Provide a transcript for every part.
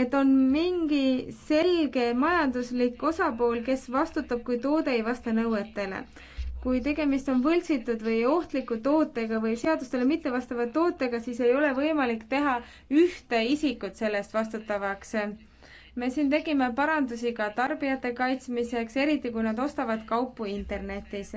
et on mingi selge majanduslik osapool, kes vastutab, kui toode ei vasta nõuetele. kui tegemist on võltsitud või ohtliku tootega või seadustele mittevastava tootega, siis ei ole võimalik teha ühte isikut selle eest vastutavaks me siin tegime parandusi ka tarbijate kaitsmiseks, eriti kui nad ostavad kaupu internetis.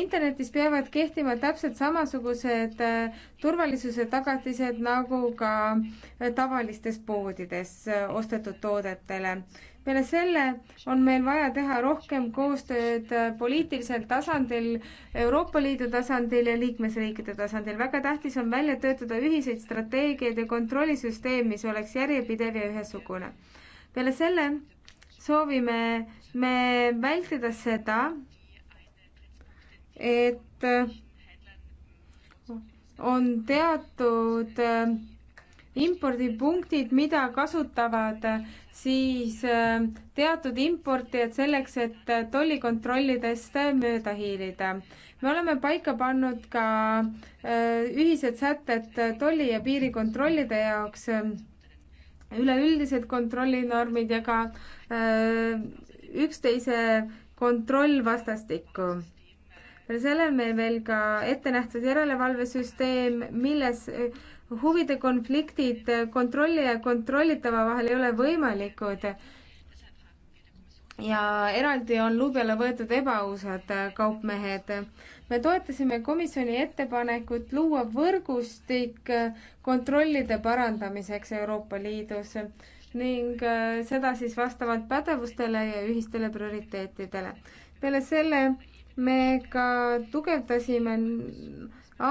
internetis peavad kehtima täpselt samasugused äh, turvalisuse tagatised nagu ka äh, tavalistes poodides äh, ostetud toodetele peale selle on meil vaja teha rohkem koostööd poliitilisel tasandil, Euroopa Liidu tasandil ja liikmesriikide tasandil. väga tähtis on välja töötada ühiseid strateegiaid ja kontrollisüsteem, mis oleks järjepidev ja ühesugune peale selle soovime me vältida seda, et on teatud äh, impordipunktid, mida kasutavad äh, siis äh, teatud importijad selleks, et tollikontrollidest mööda hiilida. me oleme paika pannud ka ühised sätted tolli ja piirikontrollide jaoks üleüldised kontrollinormid ja ka öö, äh, üksteise kontroll vastastikku. peale selle on meil veel ka ette nähtud järelevalvesüsteem, milles äh, huvide konfliktid äh, kontrolli ja kontrollitava vahel ei ole võimalikud. ja eraldi on luubi alla võetud ebaausad kaupmehed me toetasime komisjoni ettepanekut luua võrgustik kontrollide parandamiseks Euroopa Liidus ning äh, seda siis vastavalt pädevustele ja ühistele prioriteetidele. peale selle me ka tugevdasime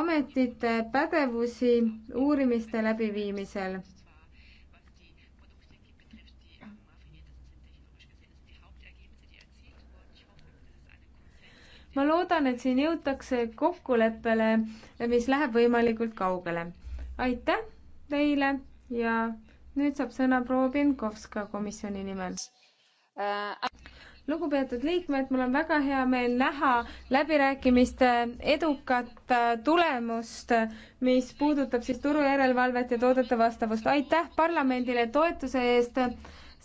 ametite pädevusi uurimiste läbiviimisel ma loodan, et siin jõutakse kokkuleppele, mis läheb võimalikult kaugele. aitäh teile ja nüüd saab sõna proua Pinkovska komisjoni nimel. lugupeetud liikmed, mul on väga hea meel näha läbirääkimiste edukat tulemust, mis puudutab siis turujärelevalvet ja toodete vastavust. aitäh parlamendile toetuse eest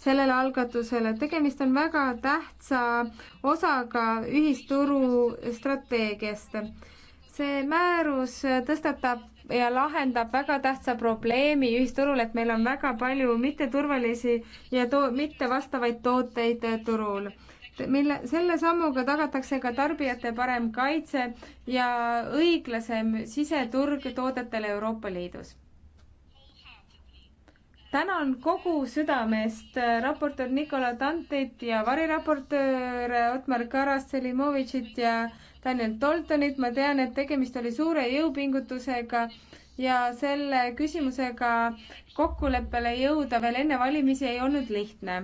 sellele algatusele. tegemist on väga tähtsa osaga ühisturu strateegiast. see määrus tõstatab ja lahendab väga tähtsa probleemi ühisturul, et meil on väga palju mitteturvalisi ja to-, mittevastavaid tooteid turul mille, selle sammuga tagatakse ka tarbijate parem kaitse ja õiglasem siseturg toodetele Euroopa Liidus tänan kogu südamest äh, raportöör Nikola Tantit ja variraportööre äh, Otmar Karast, Selimovitšit ja Daniel Toltonit, ma tean, et tegemist oli suure jõupingutusega ja selle küsimusega kokkuleppele jõuda veel enne valimisi ei olnud lihtne.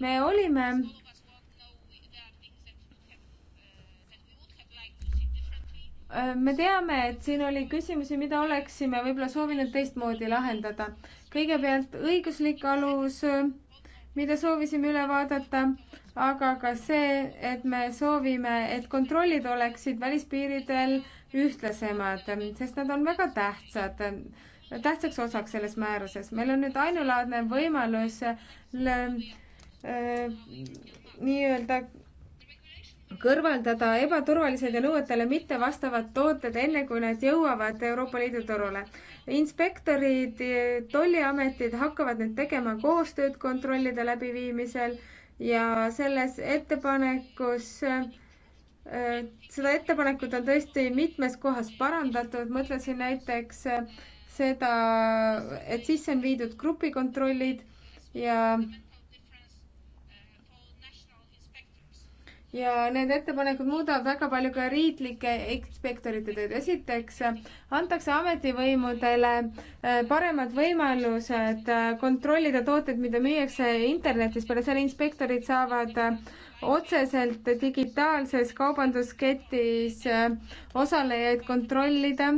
me olime äh, me teame, et siin oli küsimusi, mida oleksime võib-olla soovinud teistmoodi lahendada kõigepealt õiguslik alus, mida soovisime üle vaadata, aga ka see, et me soovime, et kontrollid oleksid välispiiridel ühtlasemad, sest nad on väga tähtsad, tähtsaks osaks selles määruses. meil on nüüd ainulaadne võimalus äh, nii-öelda kõrvaldada ebaturvalised ja nõuetele mittevastavad tooted, enne kui nad jõuavad Euroopa Liidu turule. inspektorid, tolliametid hakkavad nüüd tegema koostööd kontrollide läbiviimisel ja selles ettepanekus äh, seda ettepanekut on tõesti mitmes kohas parandatud, mõtlesin näiteks äh, seda, et sisse on viidud grupikontrollid ja ja need ettepanekud muudavad väga palju ka riiklike inspektorite tööd. esiteks antakse ametivõimudele äh, paremad võimalused äh, kontrollida tooteid, mida müüakse internetis, peale selle inspektorid saavad äh, otseselt digitaalses kaubandusketis osalejaid kontrollida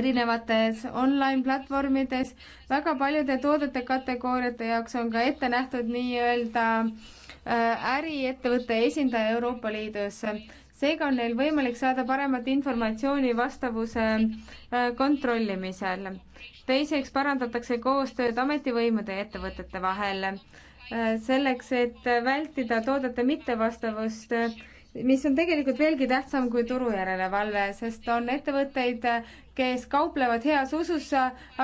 erinevates online platvormides. väga paljude toodete kategooriate jaoks on ka ette nähtud nii-öelda äh, Äh, äriettevõtte esindaja Euroopa Liidus. seega on neil võimalik saada paremat informatsiooni vastavuse äh, kontrollimisel. teiseks parandatakse koostööd ametivõimude ja ettevõtete vahel äh, selleks, et vältida toodete mittevastavust mis on tegelikult veelgi tähtsam kui turujärelevalve, sest on ettevõtteid, kes kauplevad heas usus,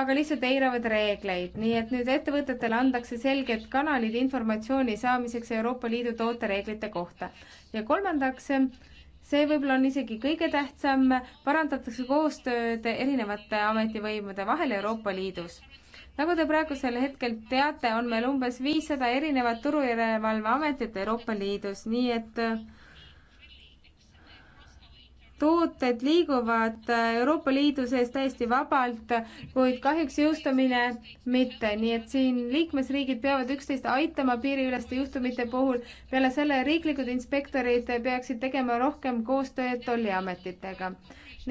aga lihtsalt eiravad reegleid, nii et nüüd ettevõtetele antakse selged kanalid informatsiooni saamiseks Euroopa Liidu tootereeglite kohta. ja kolmandaks, see võib-olla on isegi kõige tähtsam, parandatakse koostööd erinevate ametivõimude vahel Euroopa Liidus nagu te praegusel hetkel teate, on meil umbes viissada erinevat turujärelevalveametit Euroopa Liidus, nii et tooted liiguvad äh, Euroopa Liidu sees täiesti vabalt, kuid kahjuks jõustamine mitte, nii et siin liikmesriigid peavad üksteist aitama piiriüleste juhtumite puhul. peale selle riiklikud inspektorid peaksid tegema rohkem koostööd tolliametitega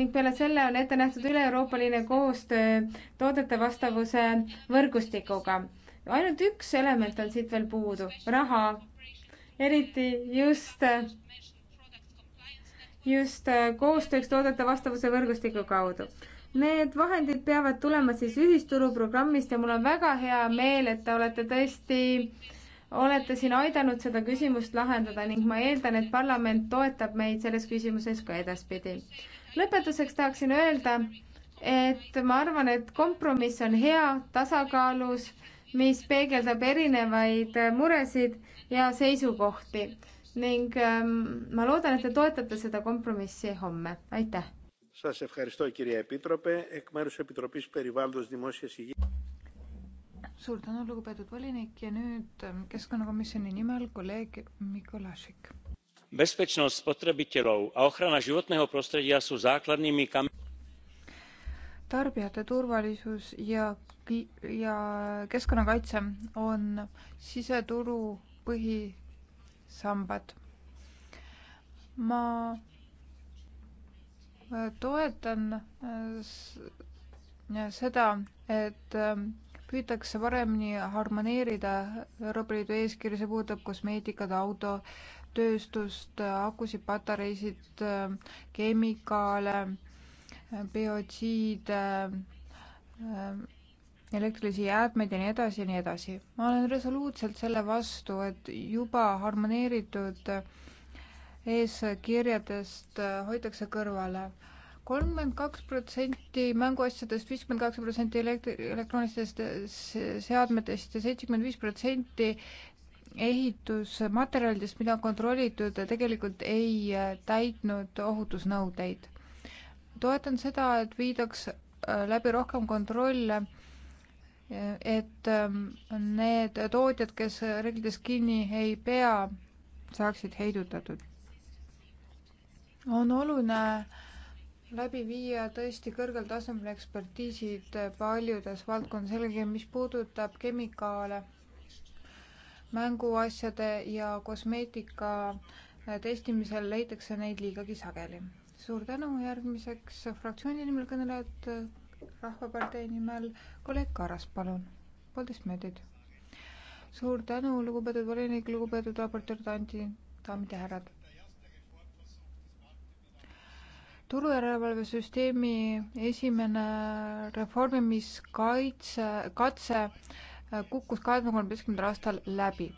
ning peale selle on ette nähtud üle-euroopaline koostöö toodete vastavuse võrgustikuga. ainult üks element on siit veel puudu, raha. eriti just just äh, koostööks toodete vastavuse võrgustiku kaudu. Need vahendid peavad tulema siis ühisturuprogrammist ja mul on väga hea meel, et te olete tõesti, olete siin aidanud seda küsimust lahendada ning ma eeldan, et parlament toetab meid selles küsimuses ka edaspidi. lõpetuseks tahaksin öelda, et ma arvan, et kompromiss on hea, tasakaalus, mis peegeldab erinevaid muresid ja seisukohti ning ähm, ma loodan, et te toetate seda kompromissi homme, aitäh. suur tänu, lugupeetud volinik ja nüüd ähm, keskkonnakomisjoni nimel kolleeg Mikolašik. bezpečnosť spotrebiteľov a ochrana životného prostredia sú základnými kam- tarbijate turvalisus ja, ja keskkonnakaitse on siseturu põhi sambad. ma äh, toetan äh, äh, seda, et ähm, püütakse paremini harmoneerida Euroopa Liidu eeskirja, see puudutab kosmeetikat, autotööstust, akusid, patareisid, kemikaale, biotsiide, elektrilisi jäätmeid ja nii edasi ja nii edasi. ma olen resoluutselt selle vastu, et juba harmoneeritud eeskirjadest hoitakse kõrvale. kolmkümmend kaks protsenti mänguasjadest, viiskümmend kaheksa protsenti elektri, elektroonilistest seadmetest ja seitsekümmend viis protsenti ehitusmaterjalidest, mida on kontrollitud, tegelikult ei täitnud ohutusnõudeid. toetan seda, et viidaks läbi rohkem kontrolle et ähm, need tootjad, kes reeglitest kinni ei pea, saaksid heidutatud. on oluline läbi viia tõesti kõrgel tasemel ekspertiisid paljudes valdkondades, eelkõige mis puudutab kemikaale, mänguasjade ja kosmeetika testimisel leitakse neid liigagi sageli. suur tänu, järgmiseks fraktsiooni nimel kõnelejad Rahvapartei nimel kolleeg Karas, palun, poolteist minutit. suur tänu, lugupeetud volinik, lugupeetud raportöör Tanti, daamid ja härrad. turujärelevalvesüsteemi esimene reformimiskaitse, katse äh, kukkus kahe tuhande kolmeteistkümnendal aastal läbi.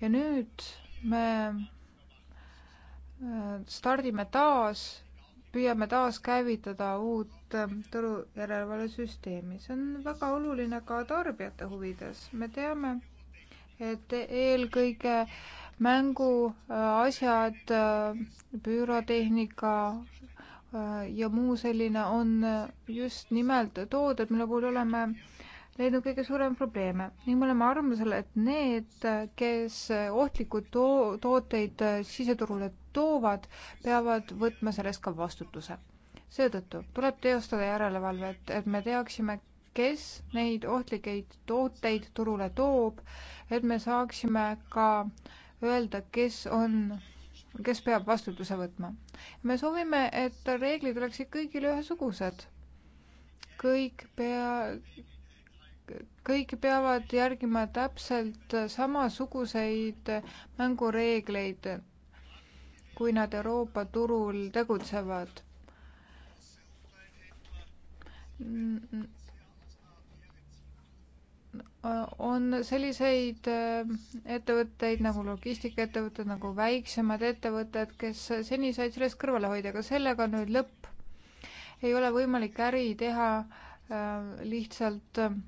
ja nüüd me äh, stardime taas püüame taaskäivitada uut ähm, turujärelevalvesüsteemi. see on väga oluline ka tarbijate huvides. me teame, et eelkõige mänguasjad, äh, äh, pürotehnika äh, ja muu selline on just nimelt tooded, mille puhul oleme leidnud kõige suurem probleeme ning me oleme arvamusel, et need, kes ohtlikud to-, tooteid siseturule toovad, peavad võtma sellest ka vastutuse. seetõttu tuleb teostada järelevalvet, et me teaksime, kes neid ohtlikeid tooteid turule toob, et me saaksime ka öelda, kes on kes peab vastutuse võtma. me soovime, et reeglid oleksid kõigile ühesugused. kõik pea, kõik peavad järgima täpselt samasuguseid mängureegleid, kui nad Euroopa turul tegutsevad. on selliseid äh, ettevõtteid nagu logistikaettevõtted, nagu väiksemad ettevõtted, kes seni said sellest kõrvale hoida, aga sellega on nüüd lõpp. ei ole võimalik äri teha äh, lihtsalt äh,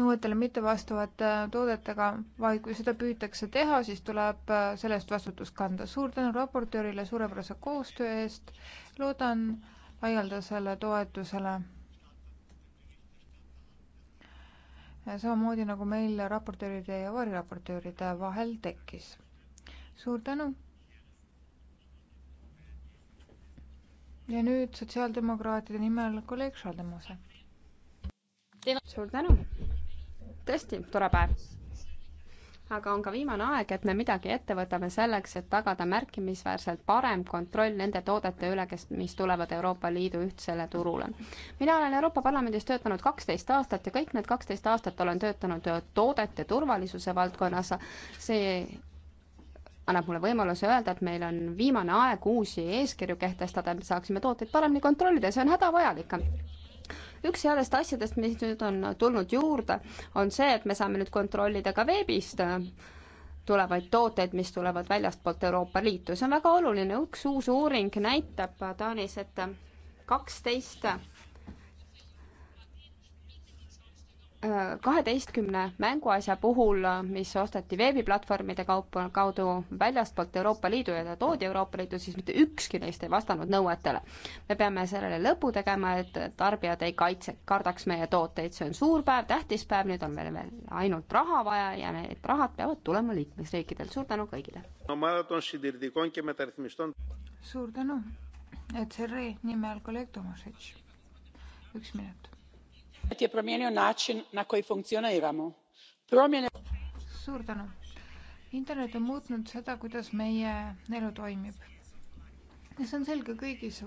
nõuetele mittevastuvate toodetega, vaid kui seda püütakse teha, siis tuleb äh, selle eest vastutust kanda. suur tänu raportöörile suurepärase koostöö eest, loodan laialdasele toetusele. samamoodi nagu meil raportööride ja variraportööride vahel tekkis. suur tänu ja nüüd sotsiaaldemokraatide nimel kolleeg Schaldemose suur tänu. tõesti tore päev. aga on ka viimane aeg, et me midagi ette võtame selleks, et tagada märkimisväärselt parem kontroll nende toodete üle, kes, mis tulevad Euroopa Liidu ühtsele turule. mina olen Euroopa Parlamendis töötanud kaksteist aastat ja kõik need kaksteist aastat olen töötanud toodete turvalisuse valdkonnas. see annab mulle võimaluse öelda, et meil on viimane aeg uusi eeskirju kehtestada, et me saaksime tooteid paremini kontrollida ja see on hädavajalik üks headest asjadest, mis nüüd on tulnud juurde, on see, et me saame nüüd kontrollida ka veebist äh, tulevaid tooteid, mis tulevad väljastpoolt Euroopa Liitu, see on väga oluline, üks uus uuring näitab äh, Taanis, et äh, kaksteist 12 kaheteistkümne mänguasja puhul, mis osteti veebiplatvormide kaupa, kaudu väljastpoolt Euroopa Liidu ja ta toodi Euroopa Liitu, siis mitte ükski neist ei vastanud nõuetele. me peame sellele lõpu tegema, et tarbijad ei kaitse, kardaks meie tooteid, see on suur päev, tähtis päev, nüüd on meil veel ainult raha vaja ja need rahad peavad tulema liikmesriikidelt, suur tänu kõigile! suur tänu, et selle nimel kolleeg Tomašitš, üks minut je promijenio način na koji funkcioniramo. Promjene... suur tänu. internet on muutnud seda, kuidas meie elu toimib. ja see on selge kõigis,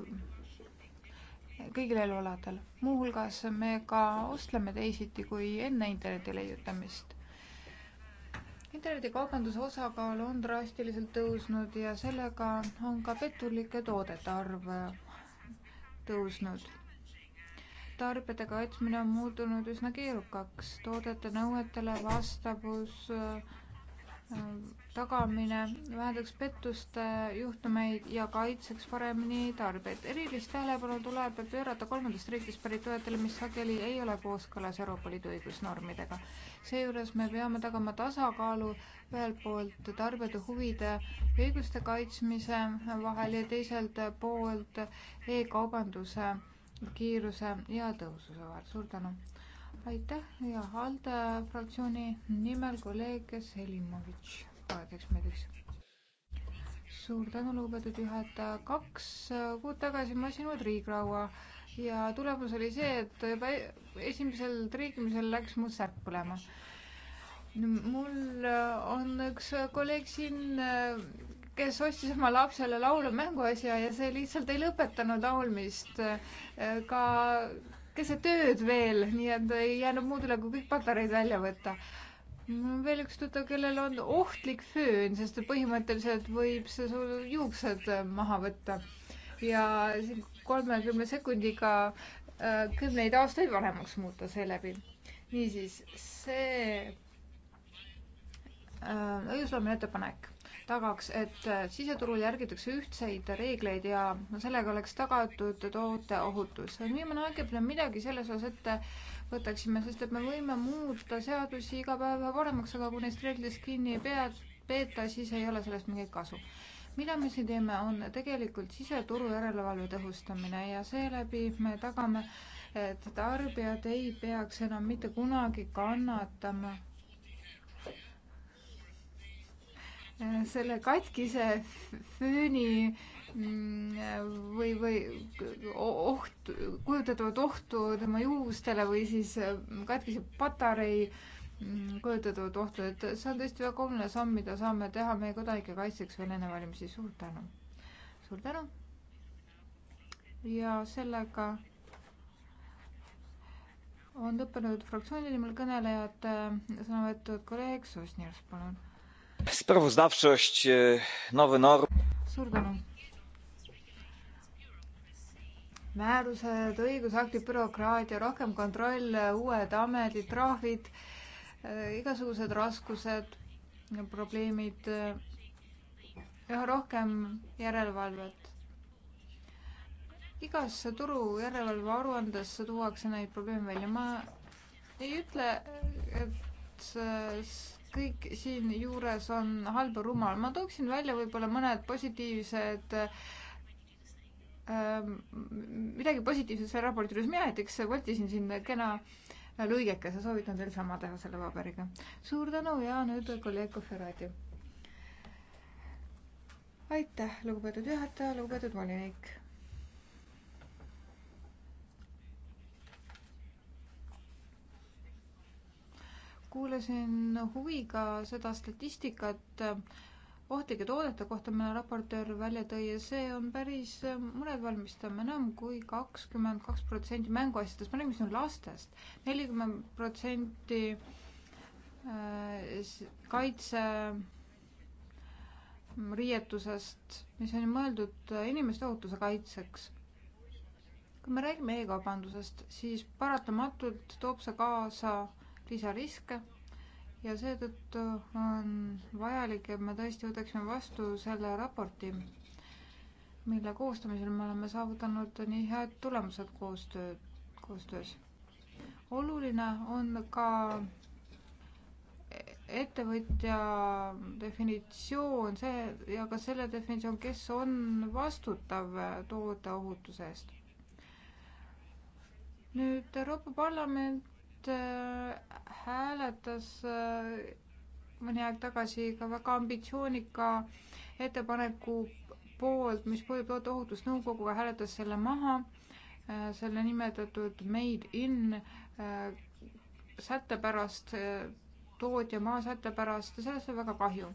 kõigil elualadel. muuhulgas me ka ostleme teisiti kui enne interneti leiutamist. internetikaubanduse osakaal on drastiliselt tõusnud ja sellega on ka pettulike toodete arv tõusnud tarbijate kaitsmine on muutunud üsna keerukaks. toodete nõuetele vastavus äh, tagamine vähendaks pettuste juhtumeid ja kaitseks paremini tarbijaid. erilist tähelepanu tuleb pöörata kolmandast riigist pärit toodetele, mis sageli ei ole kooskõlas Euroopa Liidu õigusnormidega. seejuures me peame tagama tasakaalu ühelt poolt tarbijate huvide ja õiguste kaitsmise vahel ja teiselt poolt e-kaubanduse kiiruse ja tõhususe vahel. suur tänu! aitäh ja ALDE fraktsiooni nimel kolleeg Selimovitš kahekümneks minutiks. suur tänu, lugupeetud juhataja. kaks kuud tagasi ma ostsin uue triigraua ja tulemus oli see, et juba esimesel triigimisel läks mu särk põlema mul on üks kolleeg siin kes ostis oma lapsele laulumänguasja ja see lihtsalt ei lõpetanud laulmist ka keset ööd veel, nii et ei jäänud muud üle, kui kõik patareid välja võtta. veel üks tuttav, kellel on ohtlik föön, sest põhimõtteliselt võib see sul juuksed maha võtta ja siin kolmekümne sekundiga äh, kümneid aastaid vanemaks muuta seeläbi. niisiis, see äh, õigusloome ettepanek tagaks, et siseturul järgitakse ühtseid reegleid ja sellega oleks tagatud toote ohutus. viimane aeg, et me midagi selles osas ette võtaksime, sest et me võime muuta seadusi iga päev paremaks, aga kui neist reeglidest kinni ei pea, peeta, siis ei ole sellest mingit kasu. mida me siin teeme, on tegelikult siseturu järelevalve tõhustamine ja seeläbi me tagame, et tarbijad ei peaks enam mitte kunagi kannatama selle katkise fööni mm, või, või oht, kujutatavat ohtu tema juustele või siis mm, katkise patarei mm, kujutatavat ohtu, et see on tõesti väga oluline samm, mida saame teha meie kodanike kaitseks veel enne valimisi. suur tänu. suur tänu. ja sellega on lõppenud fraktsiooni nimel kõnelejate sõnavõtud. kolleeg Sosnjev, palun sprawozdawczość, e, nowy norm. suur tänu. määrused, õigusaktid, bürokraatia, rohkem kontrolle, uued ametid, trahvid, e, igasugused raskused, probleemid, e, üha rohkem järelevalvet igasse turu järelevalve aruandesse tuuakse neid probleeme välja. ma ei ütle, et kõik siinjuures on halb ja rumal. ma tooksin välja võib-olla mõned positiivsed ähm, midagi positiivset selle raporti juures, mina näiteks võtsin siin kena lõigekese, soovitan teil sama teha selle paberiga. suur tänu ja nüüd kolleeg Kohverati. aitäh, lugupeetud juhataja, lugupeetud volinik kuulasin huviga seda statistikat ohtlike toodete kohta, mille raportöör välja tõi ja see on päris muretvalmistav. enam kui kakskümmend kaks protsenti mänguasjadest, me räägime siin lastest, nelikümmend protsenti äh, kaitseriietusest, mm, mis on mõeldud inimeste ohutuse kaitseks kui me räägime e-kaubandusest, siis paratamatult toob see kaasa lisariske ja seetõttu on vajalik, et me tõesti võtaksime vastu selle raporti, mille koostamisel me oleme saavutanud nii head tulemused koostöö, koostöös. oluline on ka ettevõtja definitsioon, see ja ka selle definitsioon, kes on vastutav toote ohutuse eest. nüüd Euroopa Parlament parlament äh, hääletas äh, mõni aeg tagasi ka väga ambitsioonika ettepaneku poolt, mis puudutab tooteohutust, nõukoguga hääletas selle maha, äh, selle nimetatud made in sätte pärast, tootja maa sätte pärast ja sellest on väga kahju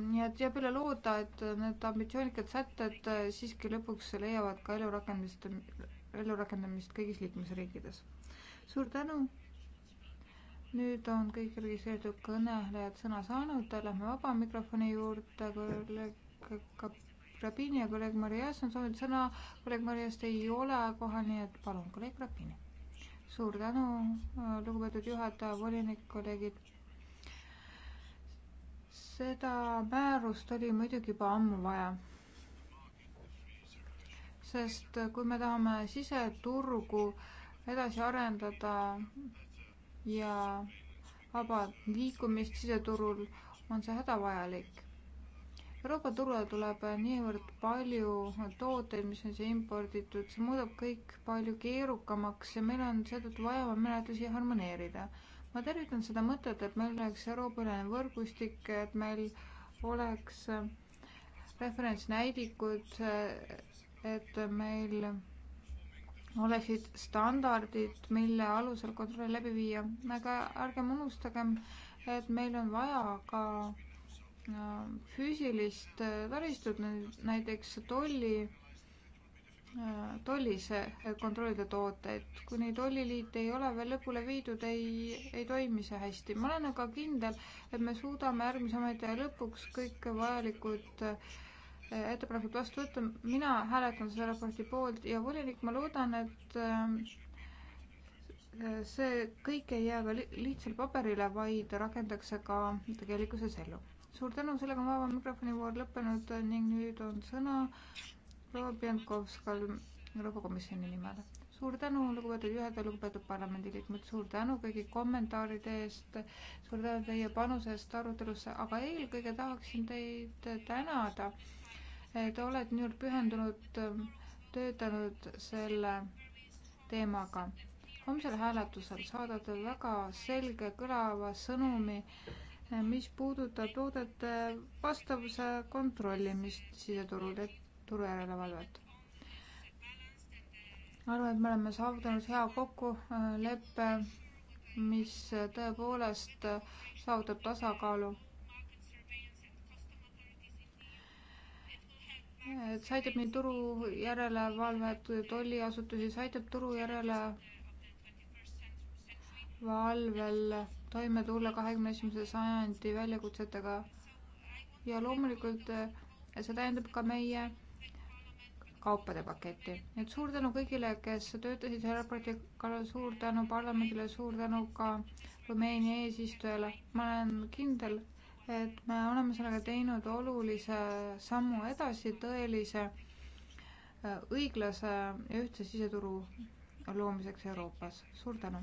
nii et jääb üle loota, et need ambitsioonikad sätted siiski lõpuks leiavad ka elu rakendamist ellurakendamist kõigis liikmesriikides. suur tänu. nüüd on kõik registreeritud kõnelejad sõna saanud, lähme vaba mikrofoni juurde, kolleeg Grabini ja kolleeg Marias on soovinud sõna, kolleeg Mariast ei ole kohal, nii et palun, kolleeg Grabini. suur tänu, lugupeetud juhataja, volinik, kolleegid seda määrust oli muidugi juba ammu vaja sest kui me tahame siseturgu edasi arendada ja vaba liikumist siseturul, on see hädavajalik. Euroopa turule tuleb niivõrd palju tooteid, mis on siia imporditud, see muudab kõik palju keerukamaks ja meil on seetõttu vaja oma menetlusi harmoneerida. ma tervitan seda mõtet, et meil oleks Euroopa-ülene võrgustik, et meil oleks referentsnäidikud et meil oleksid standardid, mille alusel kontrolli läbi viia. aga ärgem unustagem, et meil on vaja ka äh, füüsilist äh, taristut, näiteks tolli, äh, tollis kontrollida tooteid. kuni tolliliit ei ole veel lõpule viidud, ei, ei toimi see hästi. ma olen aga kindel, et me suudame järgmise ametiaja lõpuks kõik vajalikud äh, ettepanekut vastu võtta. mina hääletan selle raporti poolt ja volinik, ma loodan, et äh, see kõik ei jää ka lihtsalt paberile, vaid rakendatakse ka tegelikkuses ellu. suur tänu, sellega on vaba mikrofoni voor lõppenud ning nüüd on sõna proua Pienkovskal Euroopa Komisjoni nimel suur tänu, lugupeetud juhataja, lugupeetud parlamendiliikmed, suur tänu kõigi kommentaaride eest, suur tänu teie panuse eest arutelusse, aga eelkõige tahaksin teid tänada et oled niivõrd pühendunud, töötanud selle teemaga. homsel hääletusel saadate väga selge kõlava sõnumi, mis puudutab toodete vastavuse kontrollimist siseturul ja turujärelevalvet. arvan, et me oleme saavutanud hea kokkuleppe, mis tõepoolest saavutab tasakaalu see aitab meil turu järelevalvet, tolliasutusi, see aitab turu järelevalvel toime tulla kahekümne esimese sajandi väljakutsetega. ja loomulikult eh, see tähendab ka meie kaupade paketti. et suur tänu kõigile, kes töötasid selle raporti kallal, suur tänu parlamendile, suur tänu ka Rumeenia eesistujale. ma olen kindel, et me oleme sellega teinud olulise sammu edasi tõelise äh, õiglase ja ühtse siseturu loomiseks Euroopas. suur tänu!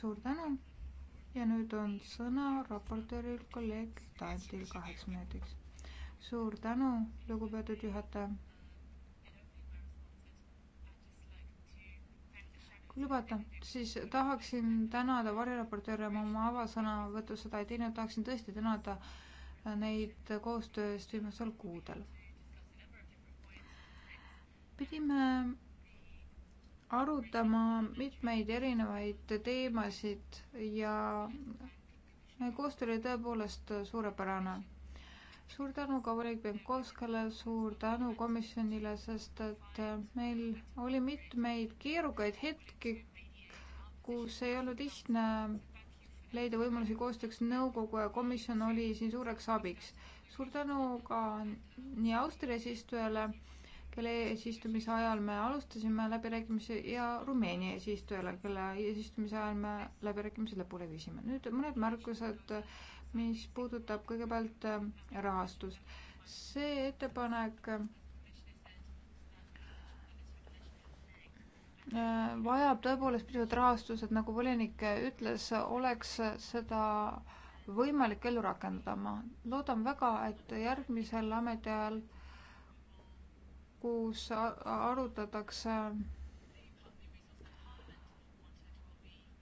suur tänu! ja nüüd on sõna raportööril kolleeg Tantil kaheks minutiks. suur tänu, lugupeetud juhataja! kui lubate, siis tahaksin tänada variraportööre oma avasõnavõtu seda ei teinud, tahaksin tõesti tänada neid koostöö eest viimasel kuudel. pidime arutama mitmeid erinevaid teemasid ja koostöö oli tõepoolest suurepärane suur tänu ka Oleg Benkovskale, suur tänu komisjonile, sest et äh, meil oli mitmeid keerukaid hetki, kus ei olnud lihtne leida võimalusi koostööks nõukogu ja komisjon oli siin suureks abiks. suur tänu ka nii Austria eesistujale, kelle eesistumise ajal me alustasime läbirääkimisi ja Rumeenia eesistujale, kelle eesistumise ajal me läbirääkimised lõpule viisime. nüüd mõned märkused äh, mis puudutab kõigepealt ähm, rahastust. see ettepanek äh, vajab tõepoolest pisut rahastust, et nagu volinik ütles, oleks seda võimalik ellu rakendada. ma loodan väga, et järgmisel ametiajal, kus arutatakse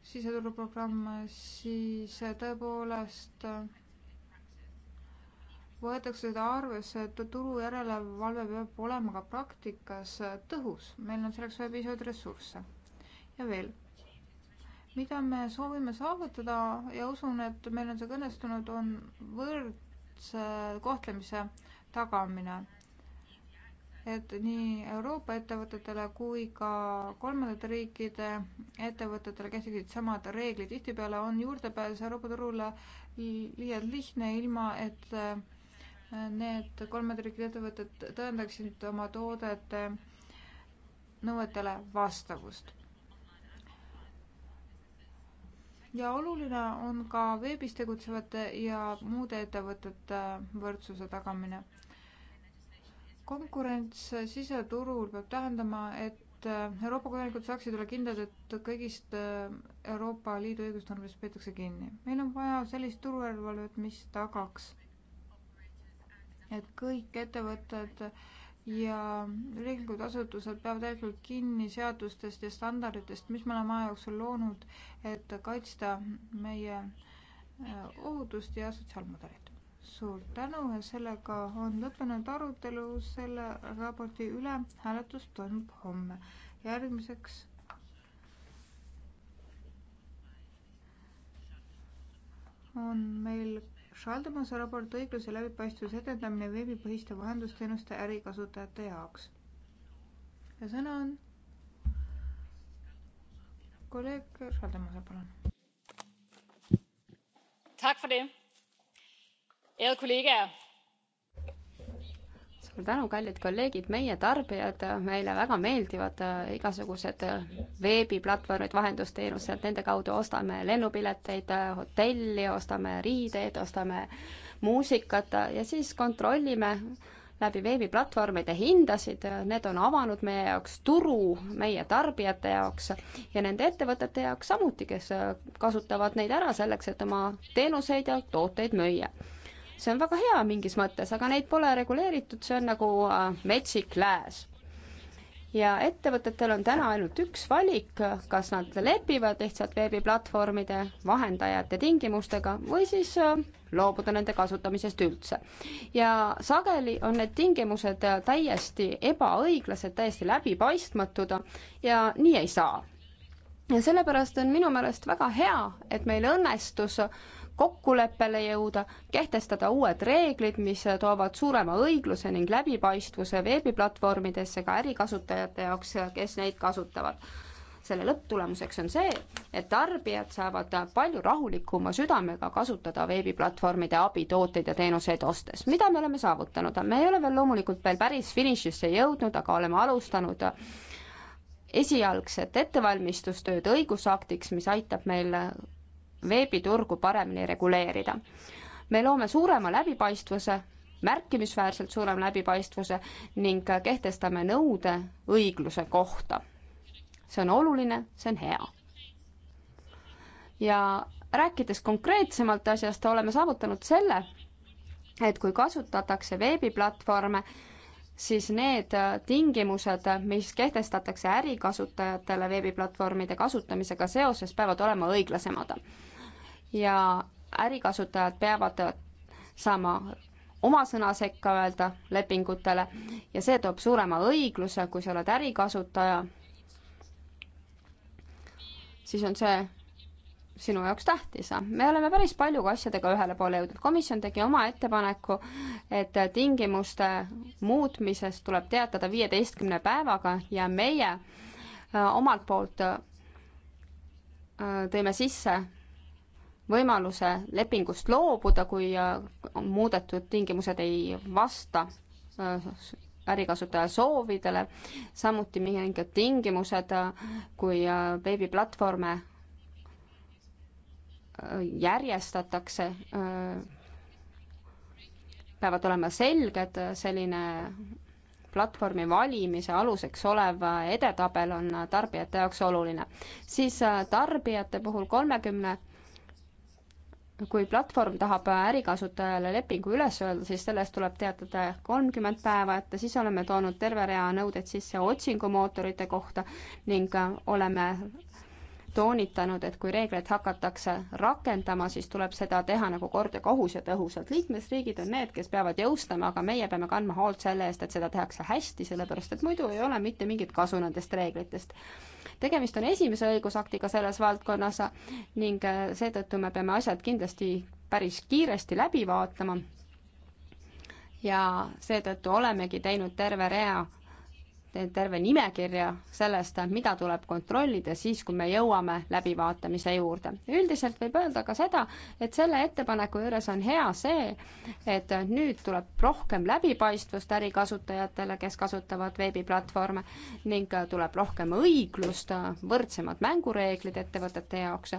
siseturuprogramm, siis äh, tõepoolest äh, võetakse seda arvesse, et turu järelevalve peab olema ka praktikas äh, tõhus, meil on selleks vaja piisavalt ressursse. ja veel, mida me soovime saavutada ja usun, et meil on see ka õnnestunud, on võrdse kohtlemise tagamine et nii Euroopa ettevõtetele kui ka kolmandate riikide ettevõtetele kehtiksid samad reeglid. tihtipeale on juurdepääs Euroopa turule liialt lihtne, ilma et äh, need kolmandate riikide ettevõtted tõendaksid oma toodete nõuetele vastavust. ja oluline on ka veebis tegutsevate ja muude ettevõtete võrdsuse tagamine konkurents siseturul peab tähendama, et äh, Euroopa kodanikud saaksid olla kindlad, et kõigist äh, Euroopa Liidu õigusnormidest peetakse kinni. meil on vaja sellist turujärelevalvet, mis tagaks, et kõik ettevõtted ja riiklikud asutused peavad tegelikult kinni seadustest ja standarditest, mis me oleme aja jooksul loonud, et kaitsta meie äh, ohutust ja sotsiaalmudelit suur tänu ja sellega on lõppenud arutelu selle raporti üle. hääletus toimub homme. järgmiseks on meil Schaldemose raport õigluse läbipaistvuse edendamine veebipõhiste vahendusteenuste ärikasutajate jaoks. ja sõna on kolleeg Schaldemose, palun suur tänu, kallid kolleegid, meie tarbijad, meile väga meeldivad äh, igasugused äh, veebiplatvormid, vahendusteenused, nende kaudu ostame lennupileteid, äh, hotelli, ostame riideid, ostame muusikat ja siis kontrollime läbi veebiplatvormide hindasid, need on avanud meie jaoks turu, meie tarbijate jaoks ja nende ettevõtete jaoks samuti, kes kasutavad neid ära selleks, et oma teenuseid ja tooteid müüa see on väga hea mingis mõttes, aga neid pole reguleeritud, see on nagu äh, metsik lääs. ja ettevõtetel on täna ainult üks valik, kas nad lepivad lihtsalt veebiplatvormide vahendajate tingimustega või siis äh, loobuda nende kasutamisest üldse. ja sageli on need tingimused äh, täiesti ebaõiglased, täiesti läbipaistmatud ja nii ei saa ja sellepärast on minu meelest väga hea, et meil õnnestus äh, kokkuleppele jõuda, kehtestada uued reeglid, mis toovad suurema õigluse ning läbipaistvuse veebiplatvormidesse ka ärikasutajate jaoks, kes neid kasutavad. selle lõpptulemuseks on see, et tarbijad saavad palju rahulikuma südamega kasutada veebiplatvormide abi tooteid ja teenuseid ostes. mida me oleme saavutanud, me ei ole veel loomulikult veel päris finišisse jõudnud, aga oleme alustanud esialgset ettevalmistustööd õigusaktiks, mis aitab meil veebiturgu paremini reguleerida. me loome suurema läbipaistvuse, märkimisväärselt suurema läbipaistvuse ning kehtestame nõude õigluse kohta. see on oluline, see on hea. ja rääkides konkreetsemalt asjast, oleme saavutanud selle, et kui kasutatakse veebiplatvorme, siis need tingimused, mis kehtestatakse ärikasutajatele veebiplatvormide kasutamisega seoses, peavad olema õiglasemad. ja ärikasutajad peavad saama oma sõna sekka öelda lepingutele ja see toob suurema õigluse, kui sa oled ärikasutaja, siis on see sinu jaoks tähtis. me oleme päris palju asjadega ühele poole jõudnud. komisjon tegi oma ettepaneku, et tingimuste muutmisest tuleb teatada viieteistkümne päevaga ja meie äh, omalt poolt äh, tõime sisse võimaluse lepingust loobuda, kui äh, muudetud tingimused ei vasta ärikasutaja soovidele, samuti mingid tingimused, kui veebiplatvorme järjestatakse, peavad olema selged, selline platvormi valimise aluseks olev edetabel on tarbijate jaoks oluline. siis äh, tarbijate puhul kolmekümne kui platvorm tahab ärikasutajale lepingu üles öelda, siis sellest tuleb teatada kolmkümmend päeva ette, siis oleme toonud terve rea nõudeid sisse otsingumootorite kohta ning äh, oleme toonitanud, et kui reegleid hakatakse rakendama, siis tuleb seda teha nagu kord ja kohus ja tõhusalt. liikmesriigid on need, kes peavad jõustama, aga meie peame kandma hoolt selle eest, et seda tehakse hästi, sellepärast et muidu ei ole mitte mingit kasu nendest reeglitest. tegemist on esimese õigusaktiga selles valdkonnas ning äh, seetõttu me peame asjad kindlasti päris kiiresti läbi vaatama ja seetõttu olemegi teinud terve rea teen terve nimekirja sellest, mida tuleb kontrollida siis, kui me jõuame läbivaatamise juurde. üldiselt võib öelda ka seda, et selle ettepaneku juures on hea see, et nüüd tuleb rohkem läbipaistvust ärikasutajatele, kes kasutavad veebiplatvorme ning tuleb rohkem õiglust, võrdsemad mängureeglid ettevõtete jaoks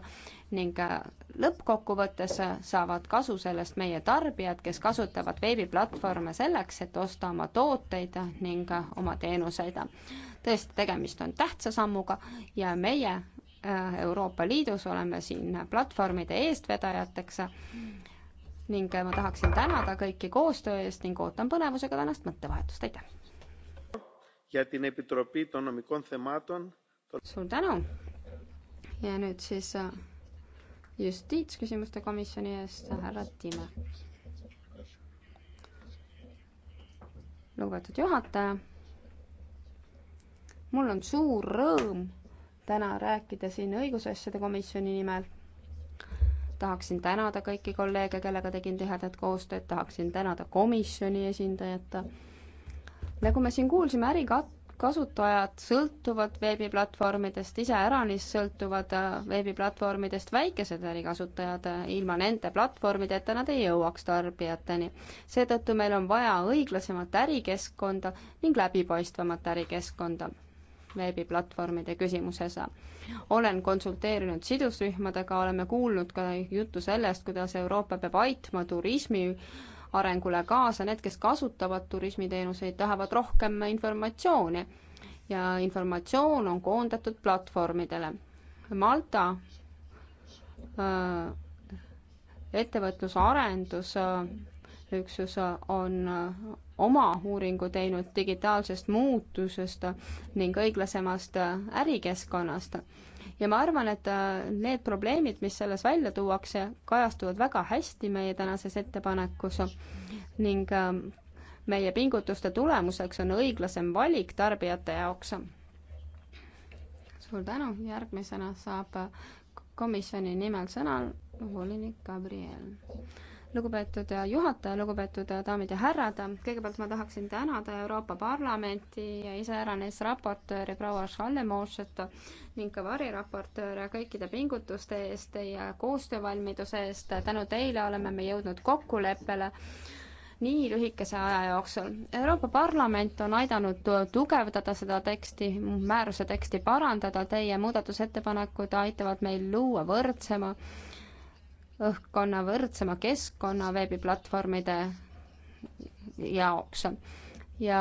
ning äh, lõppkokkuvõttes äh, saavad kasu sellest meie tarbijad, kes kasutavad veebiplatvorme selleks, et osta oma tooteid ning äh, oma teenuseid. tõesti, tegemist on tähtsa sammuga ja meie Euroopa Liidus oleme siin platvormide eestvedajateks ning ma tahaksin tänada kõiki koostöö eest ning ootan põnevusega tänast mõttevahetust, aitäh! suur tänu! ja nüüd siis justiitsküsimuste komisjoni eest härra Timme. lugupeetud juhataja, mul on suur rõõm täna rääkida siin õigusasjade komisjoni nimel. tahaksin tänada kõiki kolleege, kellega tegin tihedat koostööd, tahaksin tänada komisjoni esindajat. nagu me siin kuulsime, ärikat-, kasutajad sõltuvad veebiplatvormidest, iseäranis sõltuvad äh, veebiplatvormidest väikesed ärikasutajad, äh, ilma nende platvormideta nad ei jõuaks tarbijateni. seetõttu meil on vaja õiglasemat ärikeskkonda ning läbipaistvamat ärikeskkonda veebiplatvormide küsimuses. olen konsulteerinud sidusrühmadega, oleme kuulnud ka juttu sellest, kuidas Euroopa peab aitma turismi arengule kaasa, need, kes kasutavad turismiteenuseid, tahavad rohkem informatsiooni ja informatsioon on koondatud platvormidele. Malta äh, ettevõtlusarendusüksus äh, äh, on oma uuringu teinud digitaalsest muutusest ning õiglasemast ärikeskkonnast ja ma arvan, et äh, need probleemid, mis selles välja tuuakse, kajastuvad väga hästi meie tänases ettepanekus ning ähm, meie pingutuste tulemuseks on õiglasem valik tarbijate jaoks. suur tänu, järgmisena saab komisjoni nimel sõna volinik Gabriel lugupeetud juhataja, lugupeetud daamid ja härrad, kõigepealt ma tahaksin tänada Euroopa Parlamenti ja iseäranis raportööri proua Šallemošet ning ka variraportööre kõikide pingutuste eest ja koostöövalmiduse eest. tänu teile oleme me jõudnud kokkuleppele nii lühikese aja jooksul. Euroopa Parlament on aidanud tugevdada seda teksti, määruse teksti parandada, teie muudatusettepanekud aitavad meil luua võrdsema õhkkonna, võrdsema keskkonna veebiplatvormide jaoks. ja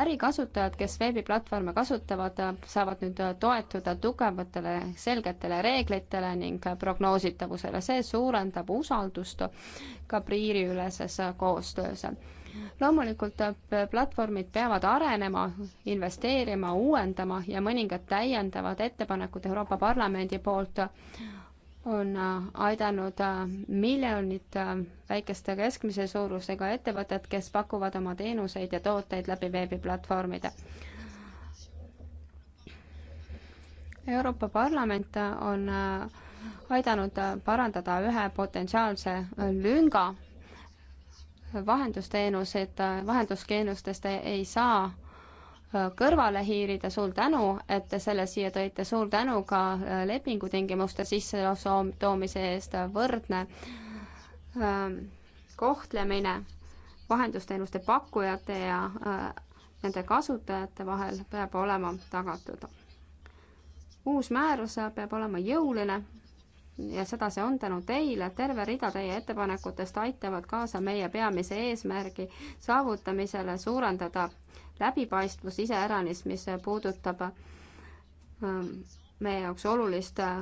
ärikasutajad, kes veebiplatvorme kasutavad, saavad nüüd toetuda tugevatele selgetele reeglitele ning prognoositavusele, see suurendab usaldust ka piiriüleses koostöös loomulikult platvormid peavad arenema, investeerima, uuendama ja mõningad täiendavad ettepanekud Euroopa Parlamendi poolt on äh, aidanud äh, miljonit äh, väikeste keskmise suurusega ettevõtet, kes pakuvad oma teenuseid ja tooteid läbi veebiplatvormide. Euroopa Parlament on aidanud parandada ühe potentsiaalse lünga. vahendusteenused, vahendusteenustest ei saa kõrvale hiirida, suur tänu, et te selle siia tõite, suur tänu ka äh, lepingutingimuste sisse toomise eest, võrdne ähm, kohtlemine vahendusteenuste pakkujate ja äh, nende kasutajate vahel peab olema tagatud. uus määrus peab olema jõuline ja seda see on tänu teile, terve rida teie ettepanekutest aitavad kaasa meie peamise eesmärgi saavutamisele, suurendada läbipaistvus iseäranis, mis puudutab ähm, meie jaoks olulist äh,